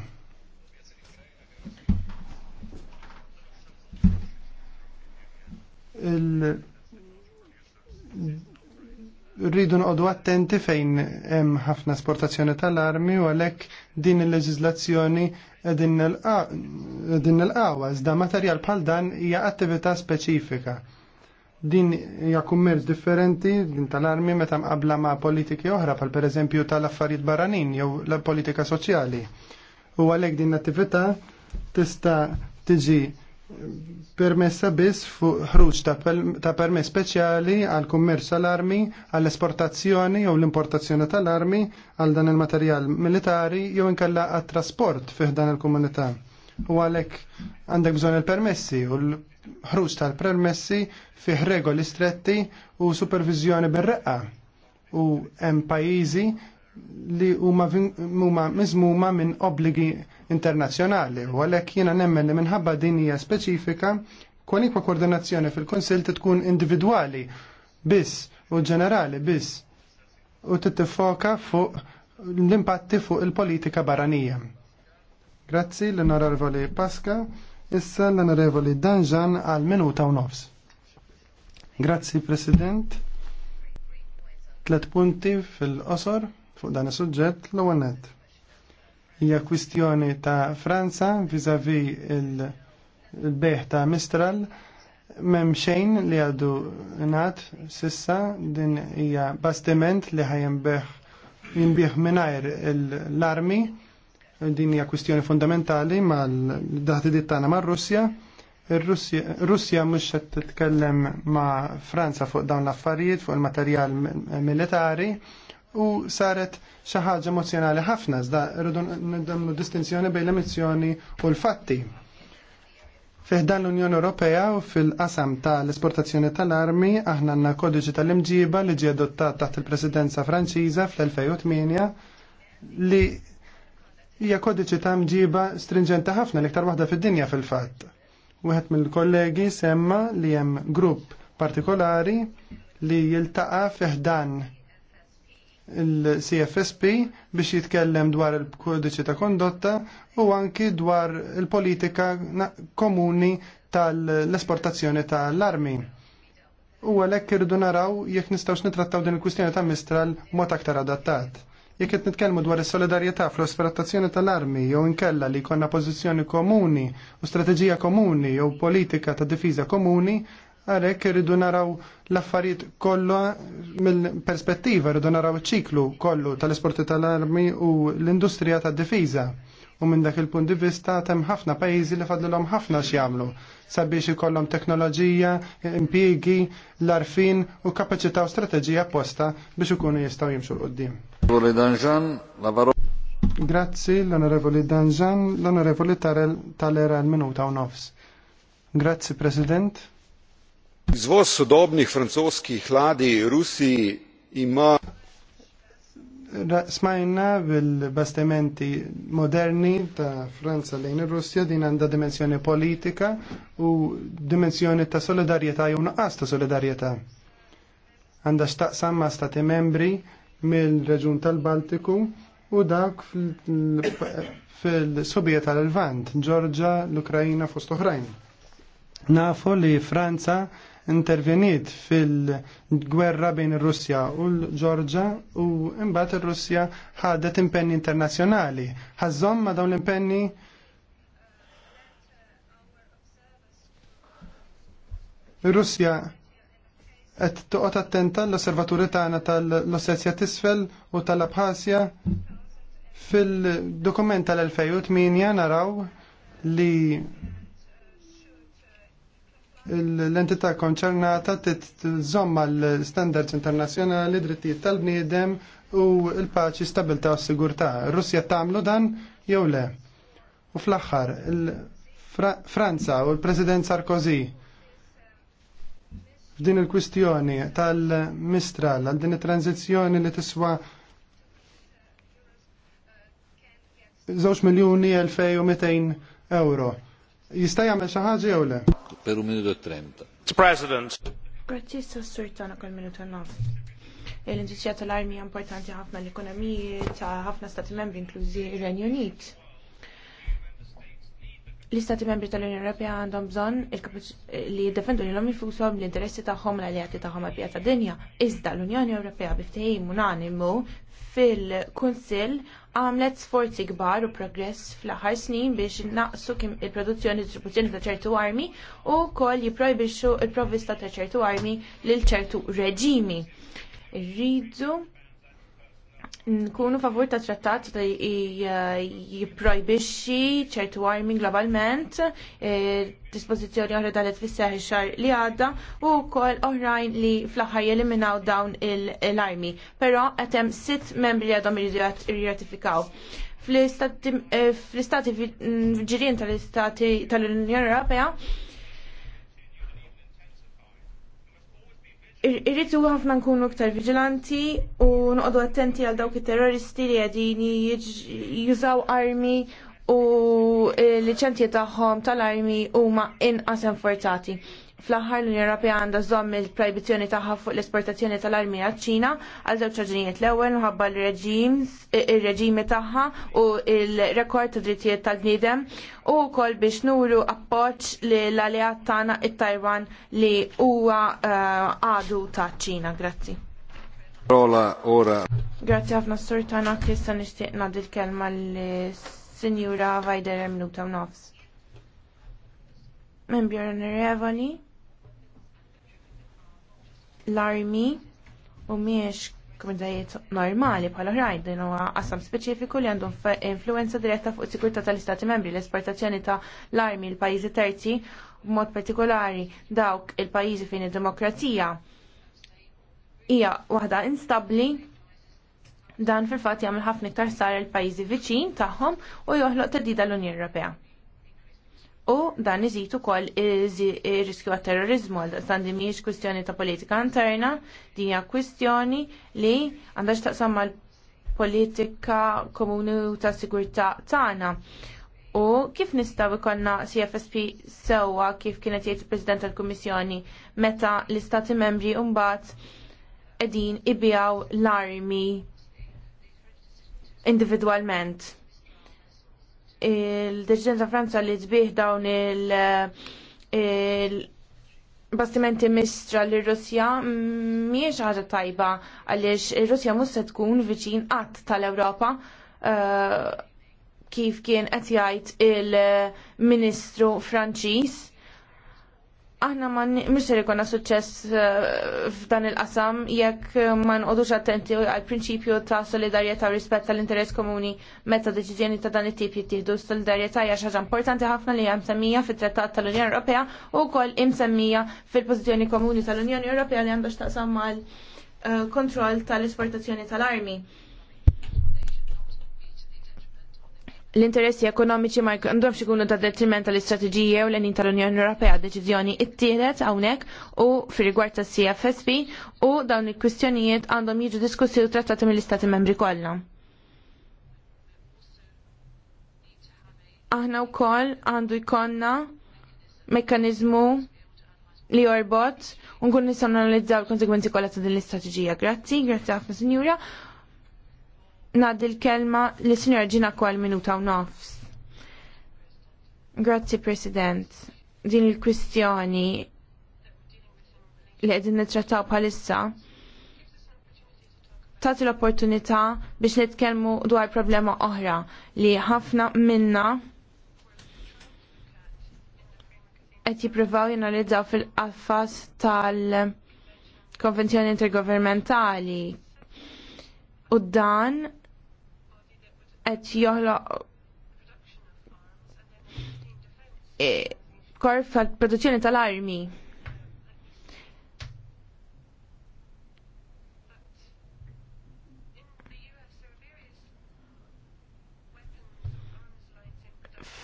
rridu noqogħdu attenti fejn hemm ħafna esportazzjoni tal-armi u għalhekk din il-leġiżlazzjoni din il-qawwa iżda materjal bħal dan hija attività speċifika. Din hija kummerċ differenti din tal-armi meta mqabbla ma' politiki oħra bħal pereżempju tal-affarijiet barranin jew l-politika soċjali. U għalhekk din l-attività tista' tiġi permessa biss fuq ħruġ ta' permess speċjali għal kummerċ tal-armi, għall esportazzjoni jew l-importazzjoni tal-armi għal dan il-materjal militari jew inkella għat trasport fih dan il-komunità. U għalhekk għandek bżonn il-permessi u l-ħruġ tal-permessi fih regoli stretti u supervizjoni bir-reqqa. U hemm pajjiżi li huma miżmuma minn obbligi internazzjonali u għalhekk jiena nemmen li minħabba din hija speċifika kwalinkwa koordinazzjoni fil-Kunsill tkun individwali biss u ġenerali biss u tittifoka fuq l-impatti fuq il-politika barranija. Grazzi l-Onorevoli Pasca, issa l-Onorevoli Danjan għal minuta u nofs. Grazzi President. Tlet punti fil-qosor fuq dan is-suġġett l-ewwel nett. Hija kwistjoni ta' Franza vis vis-à-vis il-beħ ta' Mistral m'hemm xejn li għadu nat sissa din hija bastiment li ħajjenbeħ jinbih mingħajr l-armi din hija kwistjoni fundamentali mal-daħtidiet tagħna mar-Russja. Russja mhux qed titkellem ma' Franza fuq dawn l-affarijiet fuq il-materjal militari u saret xi ħaġa emozjonali ħafna, zda rridu nagħmlu distinzjoni bejn l emozjoni u l-fatti. Fiħdan l-Unjoni Ewropea u fil-qasam tal-esportazzjoni tal-armi aħna għanna kodiċi tal-imġiba li ġie adottat taħt il-Presidenza Franċiża fl-2008 li hija kodiċi ta' mġiba stringenti ħafna l-iktar waħda fid-dinja fil-fatt. Wieħed mill-kollegi semma li hemm grupp partikolari li jiltaqa' fiħdan il-CFSP biex jitkellem dwar il-kodiċi ta' kondotta u anki dwar il-politika komuni tal-esportazzjoni tal-armi. U għalek irridu naraw jekk nistawx nitrattaw din il-kwistjoni ta' Mistral mod aktar adattat. Jekk qed nitkellmu dwar is-solidarjetà fl-esportazzjoni tal-armi jew inkella li jkollna pożizzjoni komuni u strateġija komuni jew politika ta' difiża komuni, Għalek rridu naraw l-affarijiet kollu mill-perspettiva, rridu naraw ċiklu kollu tal-esporti tal-armi u l-industrija tad-difiża. U minn dak il-punt di vista tem ħafna pajjiżi li fadlilhom ħafna jagħmlu sabiex ikollhom teknoloġija, impjiegi, l-arfin u kapaċità u strateġija apposta biex ikunu jistgħu jimxu l-qoddim. Grazzi l-Onorevoli Danjan, l-Onorevoli Talera l-minuta u nofs. Grazzi President. Izvoz sodobnih francoskih ladij Rusiji ima smajna bil-bastimenti moderni ta' Franza lejn ir-Russja din għandha dimensjoni politika u dimensjoni ta' solidarjetà jew naqas ta' solidarjetà. Għandha x'taqsam ma' stati membri mill-reġun tal-Baltiku u dak fil subija tal-Levant, Ġorġa, l-Ukrajna fost oħrajn. Nafu li Franza intervenit fil-gwerra bejn ir-Russja u l-Ġorġa u imbagħad ir-Russja ħadet impenni internazzjonali. Ħażhom ma dawn l-impenni Ir-Russja qed toqgħod attenta l-osservaturi tagħna tal-Ossetja t'isfel u tal-Abħasja fil-dokument tal-2008 naraw li l-entità konċernata t-zomma l-standards internazjonali, drittijiet tal-bniedem u l-paċi, stabilta u sigurtà. Russja tagħmlu dan jew le. U fl-aħħar, Franza u l-President Sarkozy f'din il-kwistjoni tal-Mistral, għal din it-tranzizzjoni li tiswa żewġ miljuni elfej u euro Jista' jagħmel xi ħaġa jew le? Per un minuto 30. E President. Grazzi s-sur tagħna kol minuta e naf. Il-industrija tal-armi importanti ħafna l-ekonomiji ta' ħafna stati membri inklużi ir-Renju Unit l-Istati membri tal-Unjoni Ewropea għandhom bżonn li jiddefendu lilhom infushom l-interessi tagħhom l-aljati tagħhom għal pjata dinja. Iżda l-Unjoni Ewropea biftehim unanimu fil-Kunsill għamlet sforzi kbar u progress fl-aħħar snin biex naqsu kim il-produzzjoni distribuzzjoni ta' ċertu armi u wkoll jipprojbixxu il-provvista ta' ċertu armi lil ċertu reġimi. Rridu nkunu favur ta' trattat li eh, jiprojbixxi ċertu armi globalment, eh, dispożizzjoni oħra dalet fis-seħ xar li għadda u wkoll oħrajn li fl-aħħar jeliminaw dawn l-armi. Però qed hemm sitt membri li għadhom iridu jirratifikaw. Fl-istati eh, mm, ġirien tal-Unjoni Ewropea irritu ħafna nkunu iktar vigilanti u noqdu attenti għal dawk il-terroristi li għadini jużaw armi u l-ċentji tagħhom tal-armi huma inqas forzati. Fl-aħħar l-Unjoni Ewropea għandha żomm il-projbizzjoni tagħha fuq l-esportazzjoni tal-armi għaċ-Ċina għal żewġ raġunijiet. L-ewwel minħabba l-reġim, ir-reġimi tagħha u l-rekord ta' drittijiet tal-bniedem u wkoll biex nuru appoġġ lill alleat tagħna it tajwan li huwa eh, għadu ta' ċina. Grazzi. Rola ora. Grazzi ħafna s-sur tagħna kissa nixtieq ngħaddi l-kelma l-Sinjura Vajder Mnuta Nofs. Membri onorevoli l-armi u miex komunitajiet normali bħal oħrajn din huwa qasam speċifiku li għandhom influenza diretta fuq is tal-Istati Membri l-esportazzjoni ta' l-armi l pajjiżi terzi b'mod partikolari dawk il-pajjiżi fejn id-demokrazija hija waħda instabbli dan fil-fatt jagħmel ħafna iktar sar il-pajjiżi viċin tagħhom u joħloq tedida l-Unjoni Ewropea. U dan iżid ukoll ir-riskju għat terrorizmu għal dan din mhijiex kwistjoni ta' politika interna, din hija kwistjoni li għandha x'taqsam mal-politika komuni ta' sigurtà tagħna. U kif nistaw ikonna CFSP sewwa kif kienet jgħid il-President tal-Kummissjoni meta l-Istati membri mbagħad qegħdin ibjaw l-armi individwalment il-deċiżjoni Franza li tbieħ dawn il- bastimenti mistra li Russja miex mm, ħaġa tajba għaliex Russja mhux se tkun viċin qatt tal-Ewropa eh, kif kien qed jgħid il-Ministru Franċiż aħna ma mhux se jkollna suċċess eh, f'dan il-qasam jekk eh, ma nqodux attenti għal prinċipju ta' solidarjetà u rispett tal-interess komuni meta deċiżjoni ta' dan it-tip jittieħdu. Solidarjetà hija xi ħaġa importanti ħafna li hija msemmija fit-Trattat tal-Unjoni Ewropea u wkoll imsemmija fil-pożizzjoni komuni tal-Unjoni Ewropea li għandha x'taqsam mal eh, kontroll tal-esportazzjoni tal-armi. l-interessi ekonomiċi ma għandhomx ikunu ta' detriment tal-istrateġija u l enin tal-Unjoni Ewropea deċiżjoni ittieħdet hawnhekk u fir-rigward tas-CFSP u dawn il-kwistjonijiet għandhom jiġu diskussi u trattati mill-Istati membri kollha. Aħna wkoll għandu jkollna mekkaniżmu li jorbot u nkun nistgħu analizzaw il-konsekwenzi kollha ta' din l-istrateġija. Grazzi, grazzi ħafna Sinjura. Nad il-kelma li sinjor ġina kol minuta u nofs. Grazzi, President. Din il-kwistjoni li għedin nitrattaw palissa tagħti l-opportunità biex nitkellmu dwar problema oħra li ħafna minna qed jippruvaw jinalizzaw fil-qafas tal-konvenzjoni intergovernmentali u dan qed joħloq e, korfa produzzjoni tal-armi.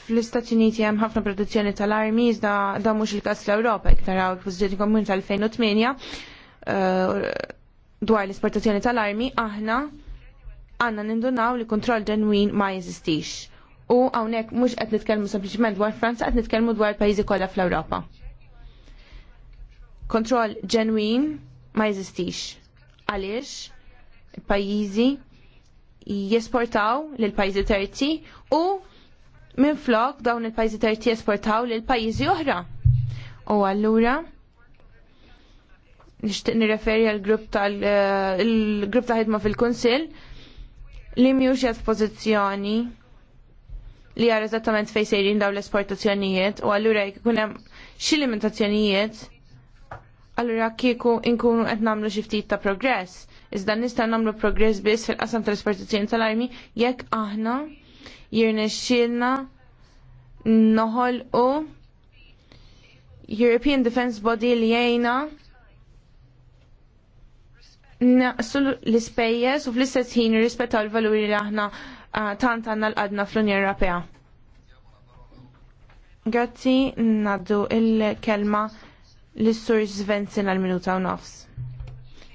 fl-Istati Uniti hemm ħafna produzzjoni tal-armi, iżda da mhux il-każ fl-Ewropa, iktar taraw il-pożizzjoni komuni tal-2008 eh, dwar l-esportazzjoni tal-armi, aħna għanna nindunaw li kontrol ġenwin ma jeżistix. U għawnek mux għed nitkelmu sempliciment dwar Franza, għed nitkelmu dwar pajizi kolla fl-Europa. Kontroll ġenwin ma jeżistix. Għaliex, pajizi jesportaw lil pajizi terzi u minn flok dawn il-pajizi terzi jesportaw lil pajizi oħra. U allura, nishtiq nireferi għal grupp tal-grupp eh, ta' ħidma fil-Kunsill li mjux jad f'pożizzjoni li għar eżattament fejn sejrin dawn l-esportazzjonijiet u allura jkun hemm xi limitazzjonijiet allura kieku nkunu qed nagħmlu xi ftit ta' progress. Iżda nista' nagħmlu progress biss fil-qasam tal-esportazzjoni tal-armi jekk aħna noħol noħolqu European Defence Body li jgħinna naqsu l-ispejjeż u fl-istess ħin rispettaw l-valuri li aħna ah, tant għandna l-qadna fl-Unjoni Ewropea. Grazzi naddu il-kelma l-Sur Svensin għal-minuta u nofs.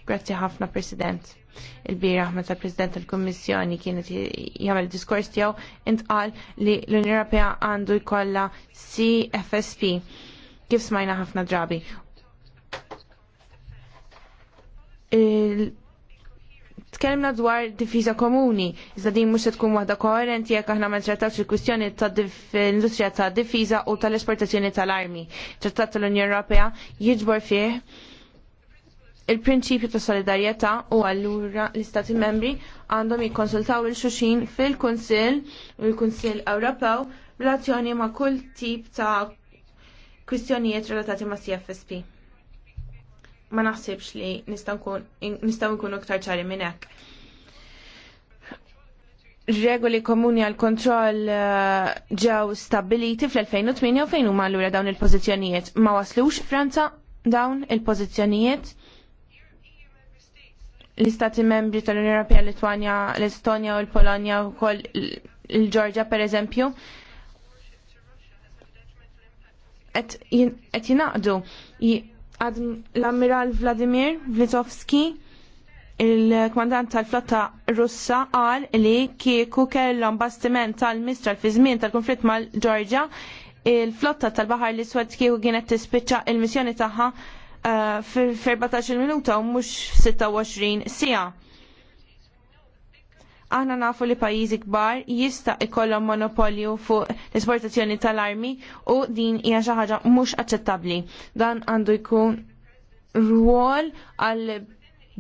Grazzi ħafna, President. Il-bira meta President tal-Kommissjoni kienet jagħmel diskors tiegħu intqal li l-Unjoni Ewropea għandu jkollha CFSP kif smajna ħafna drabi Tkellimna dwar difiża komuni, iżda din mhux se tkun waħda koherenti jekk aħna ma ntrattawx il-kwistjoni tal-industrija tad difiża u tal-esportazzjoni tal-armi. Trattat tal-Unjoni Ewropea jiġbor fih il-prinċipju ta' solidarjetà u allura l-Istati membri għandhom jikkonsultaw il-xuxin fil-Kunsill u l-Kunsill Ewropew relazzjoni ma' kull tip ta' kwistjonijiet relatati ma' CFSP ma naħsibx li nistgħu nkunu iktar ċari minn hekk. Regoli komuni għal kontroll eh, ġew stabiliti fl-2008 u fejn huma lura dawn il-pożizzjonijiet ma waslux Franza dawn il-pożizzjonijiet l-istati membri tal-Unjoni Ewropea, Litwanja, l-Estonja u l-Polonja u kol l-Ġorġa per eżempju, Et jinaqdu l-ammiral Vladimir Vlitovski il-kmandant tal-flotta russa qal li kieku kellhom bastiment tal-mistral fi żmien tal-konflitt mal-Ġorġja il-flotta tal-Baħar l-Iswed kieku kienet tispiċċa il-missjoni tagħha eh, fil-14 minuta u mhux 26 sija. Aħna nafu li pajjiżi kbar jista' ikollhom monopolju fuq l-esportazzjoni tal-armi u din hija xi ħaġa mhux aċċettabbli. Dan għandu jkun rwol għal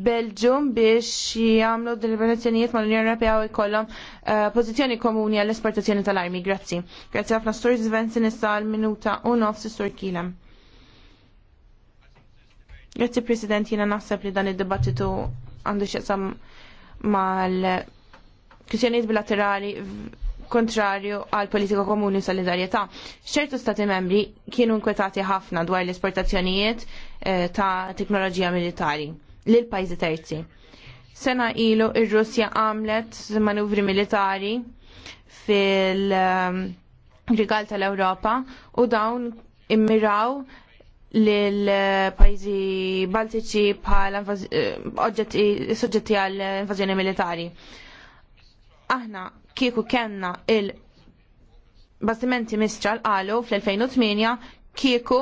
Belġum biex jagħmlu deliberazzjonijiet mal-Unjoni Ewropea u jkollhom eh, pożizzjoni komuni għall esportazzjoni tal-armi. Grazzi. Grazzi ħafna Stor Svensen issa għal minuta u nofs s-sur Kilem. Grazzi President, jiena naħseb li dan id-dibattitu għandu xieqsam mal kwistjonijiet bilaterali kontrarju għal politika komuni u solidarjetà. ċertu stati membri kienu nkwetati ħafna dwar l-esportazzjonijiet eh, ta' teknoloġija militari lil pajzi terzi. Sena ilu ir-Russja għamlet manuvri militari fil-rigal ehm, tal-Ewropa u dawn immiraw lil eh, pajjiżi baltiċi bħal eh, oġġetti soġġetti għal invażjoni militari aħna kieku kenna il bastimenti mistral qalu fl-2008 kieku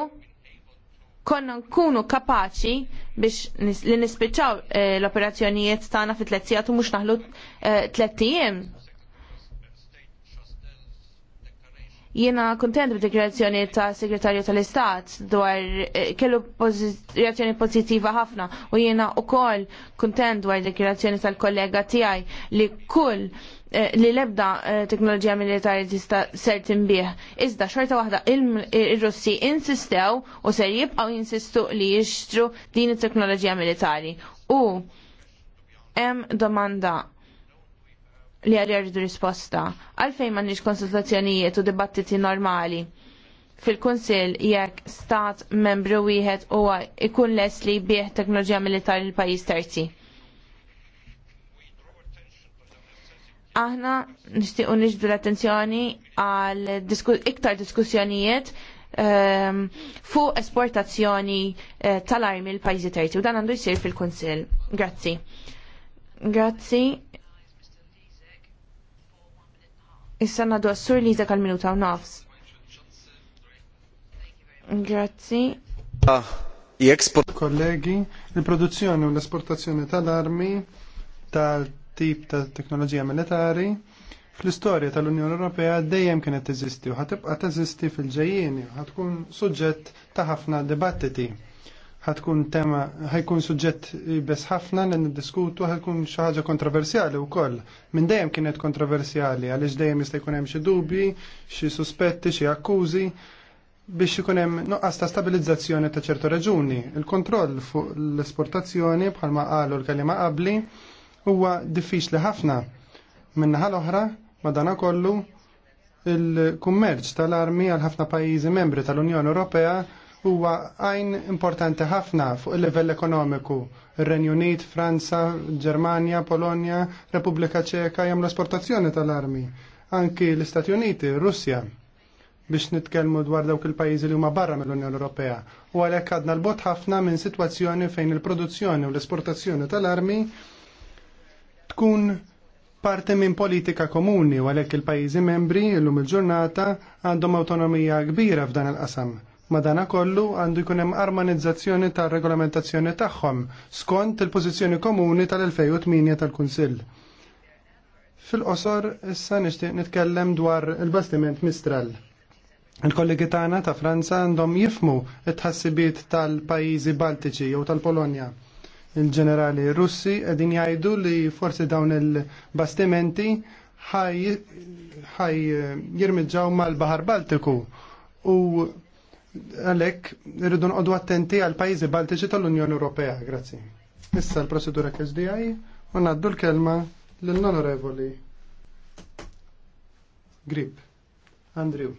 konna nkunu kapaċi biex li nispiċaw eh, l-operazzjonijiet tagħna fi tliet u mhux naħlu eh, tliet ijiem. Jiena kontent bid-deklarazzjoni ta' Segretarju tal-Istat dwar eh, kellu reazzjoni pozittiva ħafna u jiena ukoll kontent dwar deklarazzjoni tal-kollega tiegħi li kull Eh, li lebda eh, teknoloġija militari tista ser timbih. Iżda xorta waħda il-Russi insistew u ser jibqaw jinsistu li jixtru din it-teknoloġija militari. U hemm domanda li għalli rridu risposta. Għalfejn m'għandniex konsultazzjonijiet u dibattiti normali fil-Kunsill jekk stat membru wieħed huwa ikun les li bih teknoloġija militari l-pajjiż terzi Aħna nixtiequ niġdu l-attenzjoni għal iktar diskussjonijiet ehm, fuq esportazzjoni eh, tal-armi l-pajzi terzi u dan għandu jisir fil-Kunsil. Grazzi. Grazzi. Issa għandu għassur li jizak għal-minuta u nofs. Grazzi. Ah, Kollegi, il-produzzjoni u l-esportazzjoni tal-armi tal tip ta' teknoloġija militari fl-istorja tal-Unjoni Ewropea dejjem kienet teżisti u ħatibqa' teżisti fil-ġejjieni, ħatkun suġġett ta' ħafna dibattiti. Ħatkun tema, ħajkun suġġett bes ħafna li niddiskutu, ħajkun xi ħaġa kontroversjali wkoll. Minn dejjem kienet kontroversjali għaliex dejjem jista' jkun hemm xi dubji, xi suspetti, xi akkużi biex ikun hemm nuqqas ta' stabilizzazzjoni ta' ċertu raġuni. Il-kontroll fuq l-esportazzjoni bħalma qalu l kelliema qabli huwa diffiċli ħafna. Minnaħa l-oħra, madana kollu, il-kummerċ tal-armi għal ħafna pajjiżi membri tal-Unjoni Ewropea huwa għajn importanti ħafna fuq il-livell ekonomiku. Ir-Renju Unit, Franza, Ġermanja, Polonja, Repubblika Ċeka jagħmlu esportazzjoni tal-armi. Anki l-Istati Uniti, Russja biex nitkellmu dwar dawk il-pajjiżi li huma barra mill-Unjoni Ewropea. U għalhekk għadna l-bot ħafna minn sitwazzjoni fejn il-produzzjoni u l-esportazzjoni tal-armi tkun parte minn politika komuni u għalhekk il-pajjiżi membri llum il-ġurnata għandhom awtonomija kbira f'dan il-qasam. Madana kollu għandu jkun hemm armonizzazzjoni tar-regolamentazzjoni tagħhom skont il-pożizzjoni komuni tal-2008 tal-Kunsill. Fil-qosor issa nixtieq nitkellem dwar il-bastiment Mistral. Il-kollegi tagħna ta' Franza għandhom jifmu t tħassibiet tal-pajjiżi Baltiċi jew tal-Polonja il-ġenerali russi qegħdin jgħidu li forsi dawn il-bastimenti ħaj jirmiġġaw mal-Bahar Baltiku u għalek irridu nqodu attenti għal pajjiżi Baltiċi tal-Unjoni Ewropea, grazzi. Issa l-prosedura KSDI u ngħaddu l-kelma lill onorevoli Grib. Andrew.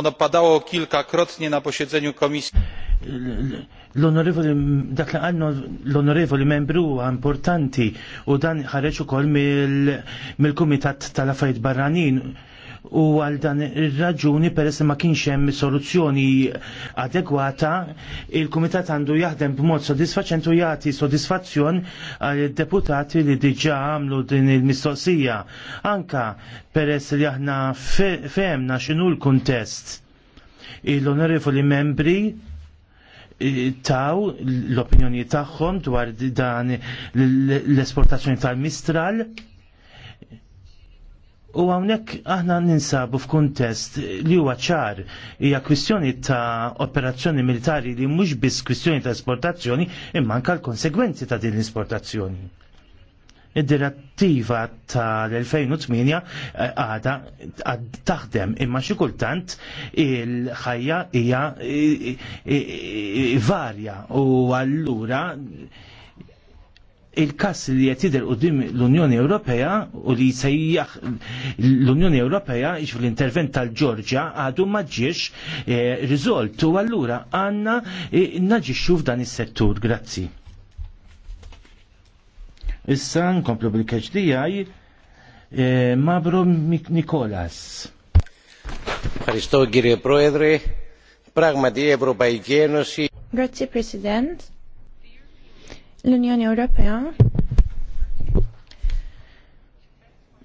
ono padało kilkakrotnie na posiedzeniu komisji dak li għandna l-onorevoli membru importanti u dan ħareġ ukoll mill-Kumitat tal-Affarijiet Barranin u għal dan ir-raġuni peress ma kienx hemm soluzzjoni adegwata, il-kumitat għandu jaħdem b'mod sodisfaċent u jagħti sodisfazzjon għal deputati li diġà għamlu din il-mistoqsija. Anka peress li aħna fehmna x'inhu l-kuntest. Il-onorevoli membri taw l-opinjoni tagħhom dwar dan l-esportazzjoni tal-Mistral U għawnek aħna ninsabu f'kuntest li huwa ċar hija kwistjoni ta' operazzjoni militari li mhux biss kwistjoni ta' esportazzjoni imma anke l-konsegwenzi ta' din l-esportazzjoni. Id-direttiva tal-2008 eh, għada taħdem imma xi kultant il-ħajja hija eh, eh, varja u allura il-kas li qed jidher qudiem l-Unjoni Ewropea u li jsejjaħ l-Unjoni Ewropea iġ jiġifieri fl-intervent tal ġorġa għadu ma ġiex eh, riżolt u allura għandna eh, naġixxu f'dan is-settur. Grazzi. Issa nkomplu bil-keċ eh, Mabro Nikolas. Ευχαριστώ κύριε Πρόεδρε. Πράγματι η Ευρωπαϊκή Grazie President. L-Unjoni Ewropea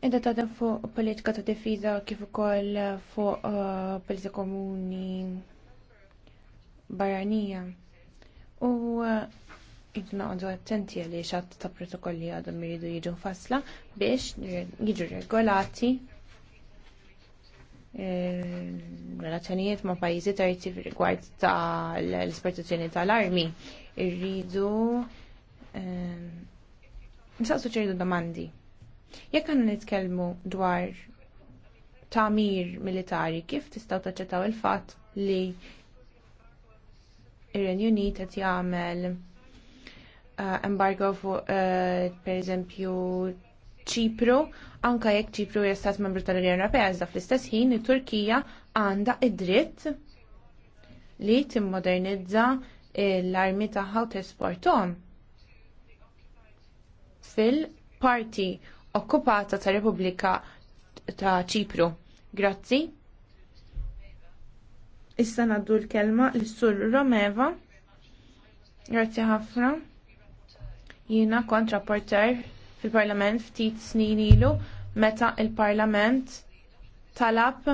Edda ta' fuq politika ta' difiża kif ukoll fuq uh, politika komuni barranija. U jiddu uh, naqdu attenti għalli xatt ta' protokolli għadhom miridu jiġu fasla biex jiġu regolati eh, relazzjonijiet ma' pajjiżi tarti rigward ta' l-esportazzjoni tal-armi. Irridu Ehm, Nisaqsu ċertu domandi. Jekk għanna nitkellmu dwar tamir militari, kif tistaw taċċettaw il-fatt li ir-Renju Unit qed jagħmel eh, embargo fuq eh, pereżempju ċipru, anka jekk ċipru hija stat membru tal-Unjoni Ewropea iżda fl-istess ħin it-Turkija għandha id-dritt li timmodernizza l-armi tagħha u tesportom fil-parti okkupata ta' Repubblika ta' Ċipru. Grazzi. Issa naddu l-kelma l-Sur Romeva. Grazzi ħafna. Jiena kont rapporter fil-Parlament ftit snin ilu meta il-Parlament talab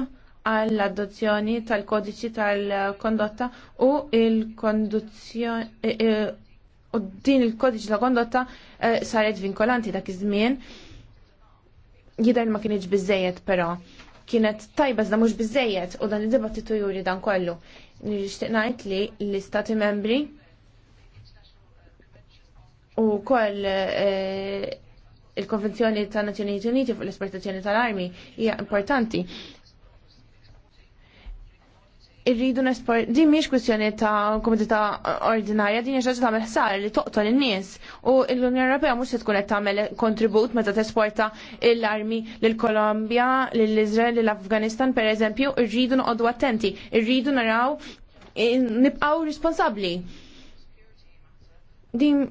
għall-adozzjoni tal-kodiċi tal-kondotta u il-konduzzjoni eh, eh, u din il-kodiċ ta' kondotta eh, saret vinkolanti dak iż-żmien. Jidher ma kienx biżejjed però kienet tajba żda mhux biżejjed u dan id-dibattitu juri dan kollu. Nixtieq ngħid li l-istati membri u koll eh, il-Konvenzjoni ta' Nazzjonijiet Uniti fuq l-esportazzjoni tal-armi hija importanti irridu nesport, din miex kwestjoni ta' komunità ordinarja, din xaġa ta' meħsar li toqtol in-nies u l-Unjoni Ewropea mhux setkun tkun qed tagħmel kontribut meta tesporta l-armi l-Kolombia, l Iżrael, l Afganistan pereżempju, irridu noqogħdu attenti, irridu naraw nibqgħu responsabbli. Din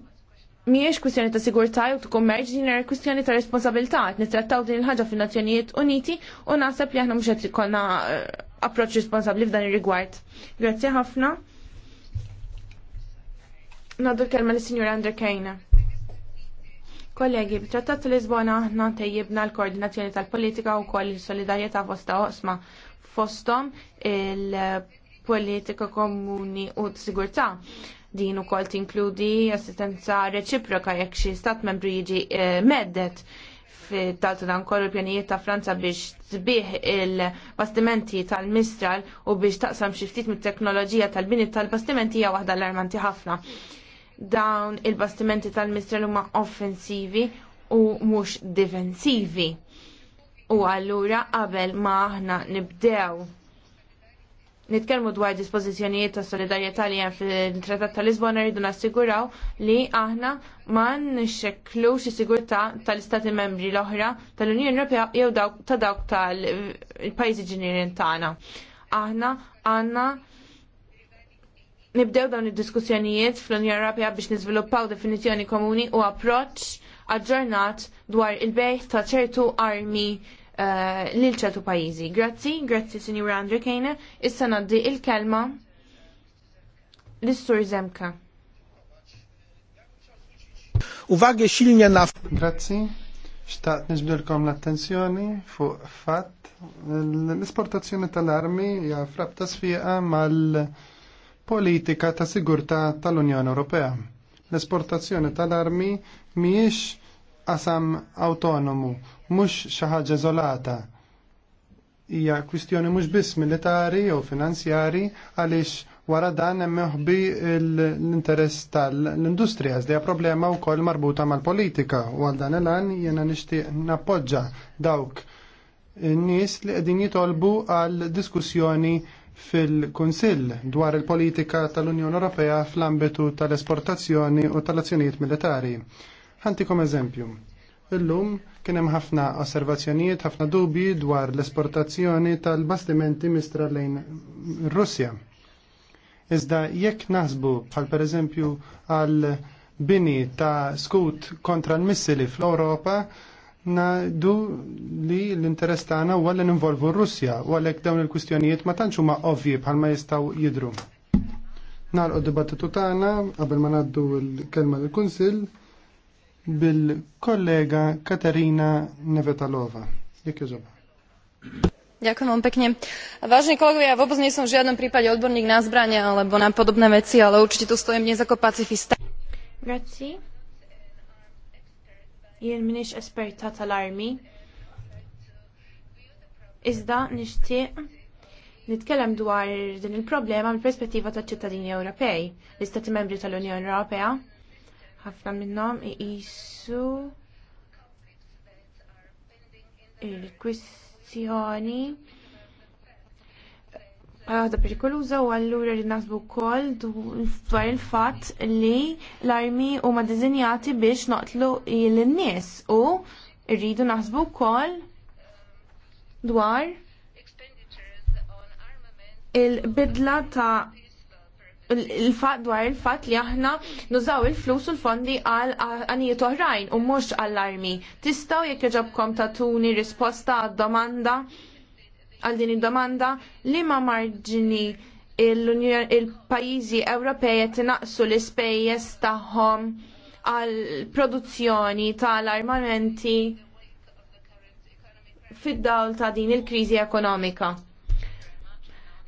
miex kwistjoni ta' sigurtà u ta' kummerċ din era kwistjoni ta' responsabilità qed nittrattaw din il-ħaġa fin-Nazzjonijiet Uniti u naħseb li aħna mhux qed ikollna eh, approċċ responsabbli f'dan ir-rigward. Grazzi ħafna. Nadu l-kelma lis-Sinjur Andrew Kejna. Kollegi, b'trattat Lisbona aħna tejjibna l-koordinazzjoni tal-politika u koll il-solidarjetà fosta osma fostom il-politika komuni u t-sigurtà din ukoll tinkludi assistenza reċiproka jekk xi stat membru jiġi eh, meddet fil-taltu dan kollu l-pjanijiet ta' Franza biex tbieħ il-bastimenti tal-Mistral u biex taqsam xi ftit mit-teknoloġija tal-bini tal-bastimenti hija waħda l-armanti ħafna. Dawn il-bastimenti tal-Mistral huma offensivi u mhux difensivi. U allura qabel ma aħna nibdew nitkellmu dwar dispożizzjonijiet ta' solidarjetà li hemm fil-Trattat ta' Lisbona rridu nassiguraw li aħna ma nixxekklux is-sigurtà tal-Istati Membri l-oħra tal-Unjoni Ewropea jew dawk ta' dawk tal-pajjiżi ġinierien tagħna. Aħna għandna nibdew dawn id-diskussjonijiet fl-Unjoni Ewropea biex niżviluppaw definizzjoni komuni u approċċ aġġornat dwar il-bejħ ta' ċertu armi Eh, lil ċertu Grazzi, grazzi Sinjura Andre Kejna, issa naddi il-kelma l istur Zemka. Uwagi xilnja naf. Grazzi, xtaqt nġbdilkom l-attenzjoni fuq fatt l-esportazzjoni tal-armi ja frabta sfiqa mal-politika ta' sigurta tal-Unjoni Ewropea. L-esportazzjoni tal-armi miex qasam autonomu, mhux xi ħaġa iżolata. Hija kwistjoni mhux biss militari jew finanzjari għaliex wara dan hemm meħbi l-interess tal-industrija iżda problema wkoll marbuta mal-politika u għal dan il-għan jiena nixtieq nappoġġa dawk in nies li qegħdin jitolbu għal diskussjoni fil-Kunsill dwar il-politika tal-Unjoni Ewropea fl-ambitu tal-esportazzjoni u tal-azzjonijiet militari. Ħantikom eżempju. Illum kien hemm ħafna osservazzjonijiet, ħafna dubji dwar l-esportazzjoni tal-bastimenti mistra lejn Russja. Iżda jekk naħsbu bħal pereżempju għal bini ta' skut kontra l-missili fl-Ewropa, nadu li l-interess tagħna huwa li ninvolvu r-Russja u għalhekk dawn il-kwistjonijiet ma tantx huma ovvji bħalma jistgħu jidhru. Nagħlqu d-dibattitu tagħna qabel ma ngħaddu l-kelma lill-Kunsill bil-kollega Katarina Nevetalova. Dik jużoba. Ďakujem vám pekne. Vážení kolegovia, ja vôbec nie som v žiadnom prípade odborník na zbranie alebo na podobné veci, ale určite tu stojím dnes ako pacifista. Grazzi. Jien minix esperta talarmi. Izda Iżda nixtieq nitkellem dwar din il-problema mill-perspettiva taċ-ċittadini Ewropej, l-Istati Membri tal-Unjoni Ewropea ħafna minnhom iqisu il-kwistjoni għada perikoluza u għallura li nasbu kol dwar il-fat li l-armi u ma dizinjati biex noqtlu lin nies u rridu nasbu kol dwar il-bidla ta' il-fat dwar il-fat li aħna nużaw il-flus u l-fondi għal għanijiet oħrajn u mux għall-armi. Tistaw jekk ta' tuni risposta għad-domanda għal din id-domanda li ma marġini il-pajizi Ewropej qed l-ispejjeż tagħhom għal produzzjoni tal-armamenti fid-dawl ta' din il-kriżi ekonomika.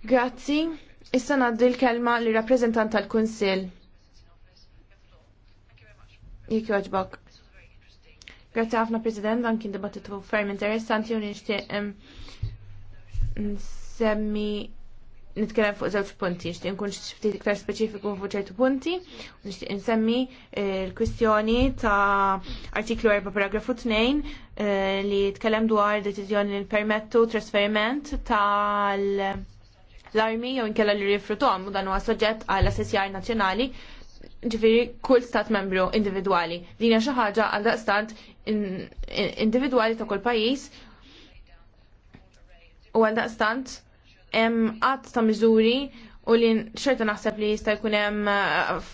Grazzi. Issa naddi l-kelma li rappresentant tal-Kunsil. Jek joġbok. Grazie ħafna President, dan kien dibattitu ferm interessanti u nixtieq nsemmi nitkellem fuq żewġ punti, nixtieq nkun ftit iktar speċifiku fuq ċertu punti, u nixtieq eh, l-kwistjoni ta' artiklu 4 paragrafu 2 eh, li tkellem dwar deċiżjoni li permettu trasferiment tal l-armi jew inkella li rifrutom u dan huwa soġġett għal assessjar nazzjonali ġifiri kull stat membru individuali. Dina xi ħaġa għal daqstant individwali ta' kull pajjiż u għal daqstant hemm qatt ta' miżuri u li xorta naħseb li jista' jkun hemm eh,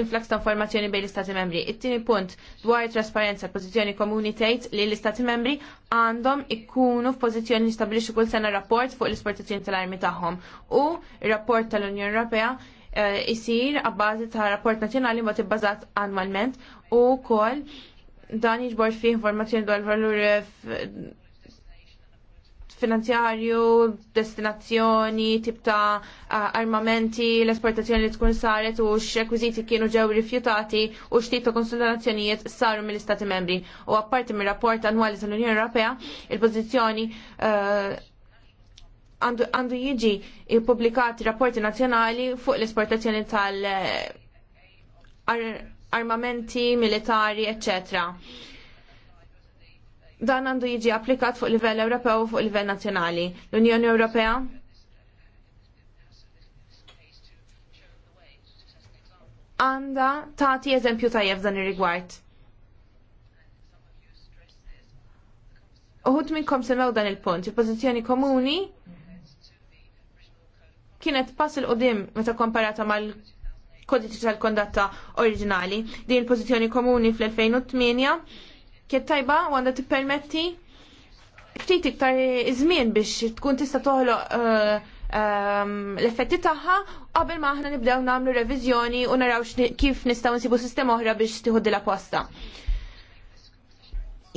influx ta' informazzjoni bejn l-Istati membri. It-tieni punt dwar trasparenza pożizzjoni komuni tgħid li l-Istati membri għandhom ikunu f'pożizzjoni li kull sena rapport fuq l-esportazzjoni tal-armi tagħhom u r-rapport tal-Unjoni Ewropea eh, isir għabbażi ta' rapport nazzjonali mod ibbażat annwalment u kol dan jiġbor fih informazzjoni dwar valur eh, finanzjarju, destinazzjoni, tip ta' armamenti, l-esportazzjoni li tkun saret u x-rekwiziti kienu ġew rifjutati u x-tip ta' konsultazzjonijiet saru mill-Istati membri. U apparti mir rapport annwali tal-Unjoni Ewropea, il-pozizjoni eh, għandu uh, jiġi publikati rapporti nazjonali fuq l-esportazzjoni tal-armamenti eh, militari, eccetera dan għandu jiġi applikat fuq livell Ewropew u fuq livell nazzjonali. L-Unjoni Ewropea għanda tagħti eżempju tajjeb dan ir-rigward. Uħut minnkom semmew dan il-punt, il-pożizzjoni komuni kienet pass il-qudiem meta komparata mal kodiċi tal-kondatta oriġinali. Din il-pożizzjoni komuni fl-2008 kiet tajba għanda għandha tippermetti ftit iktar iż-żmien biex tkun tista' toħloq uh, um, l-effetti tagħha qabel ma aħna nibdew nagħmlu reviżjoni u naraw kif nistgħu nsibu sistema oħra biex tieħu la posta.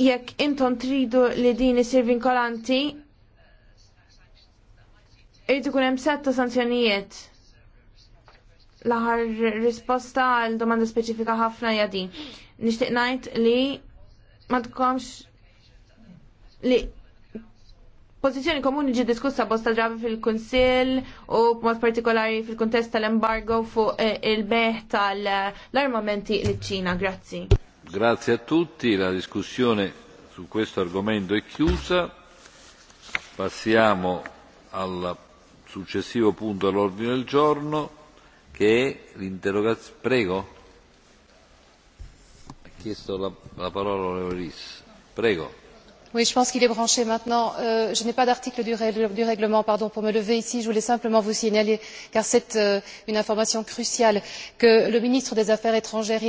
Jekk intom tridu li din isir vinkolanti, irrid ikun hemm setta sanzjonijiet l-aħħar risposta għal domanda speċifika ħafna hija din. Nixtieq ngħid li ma tkomx li pozizjoni komuni ġi diskussa bosta drabi fil konsil u mod partikolari fil-kontest tal-embargo fuq eh, il-beħ tal-armamenti l ċina Grazzi. Grazie a tutti, la discussione su questo argomento è chiusa. Passiamo al successivo punto all'ordine del giorno che è l'interrogazione. Prego chiesto la, la parola Prego. Oui, je pense qu'il est branché maintenant. Euh, je n'ai pas d'article du, du règlement pardon, pour me lever ici. Je voulais simplement vous signaler, car c'est euh, une information cruciale, que le ministre des Affaires étrangères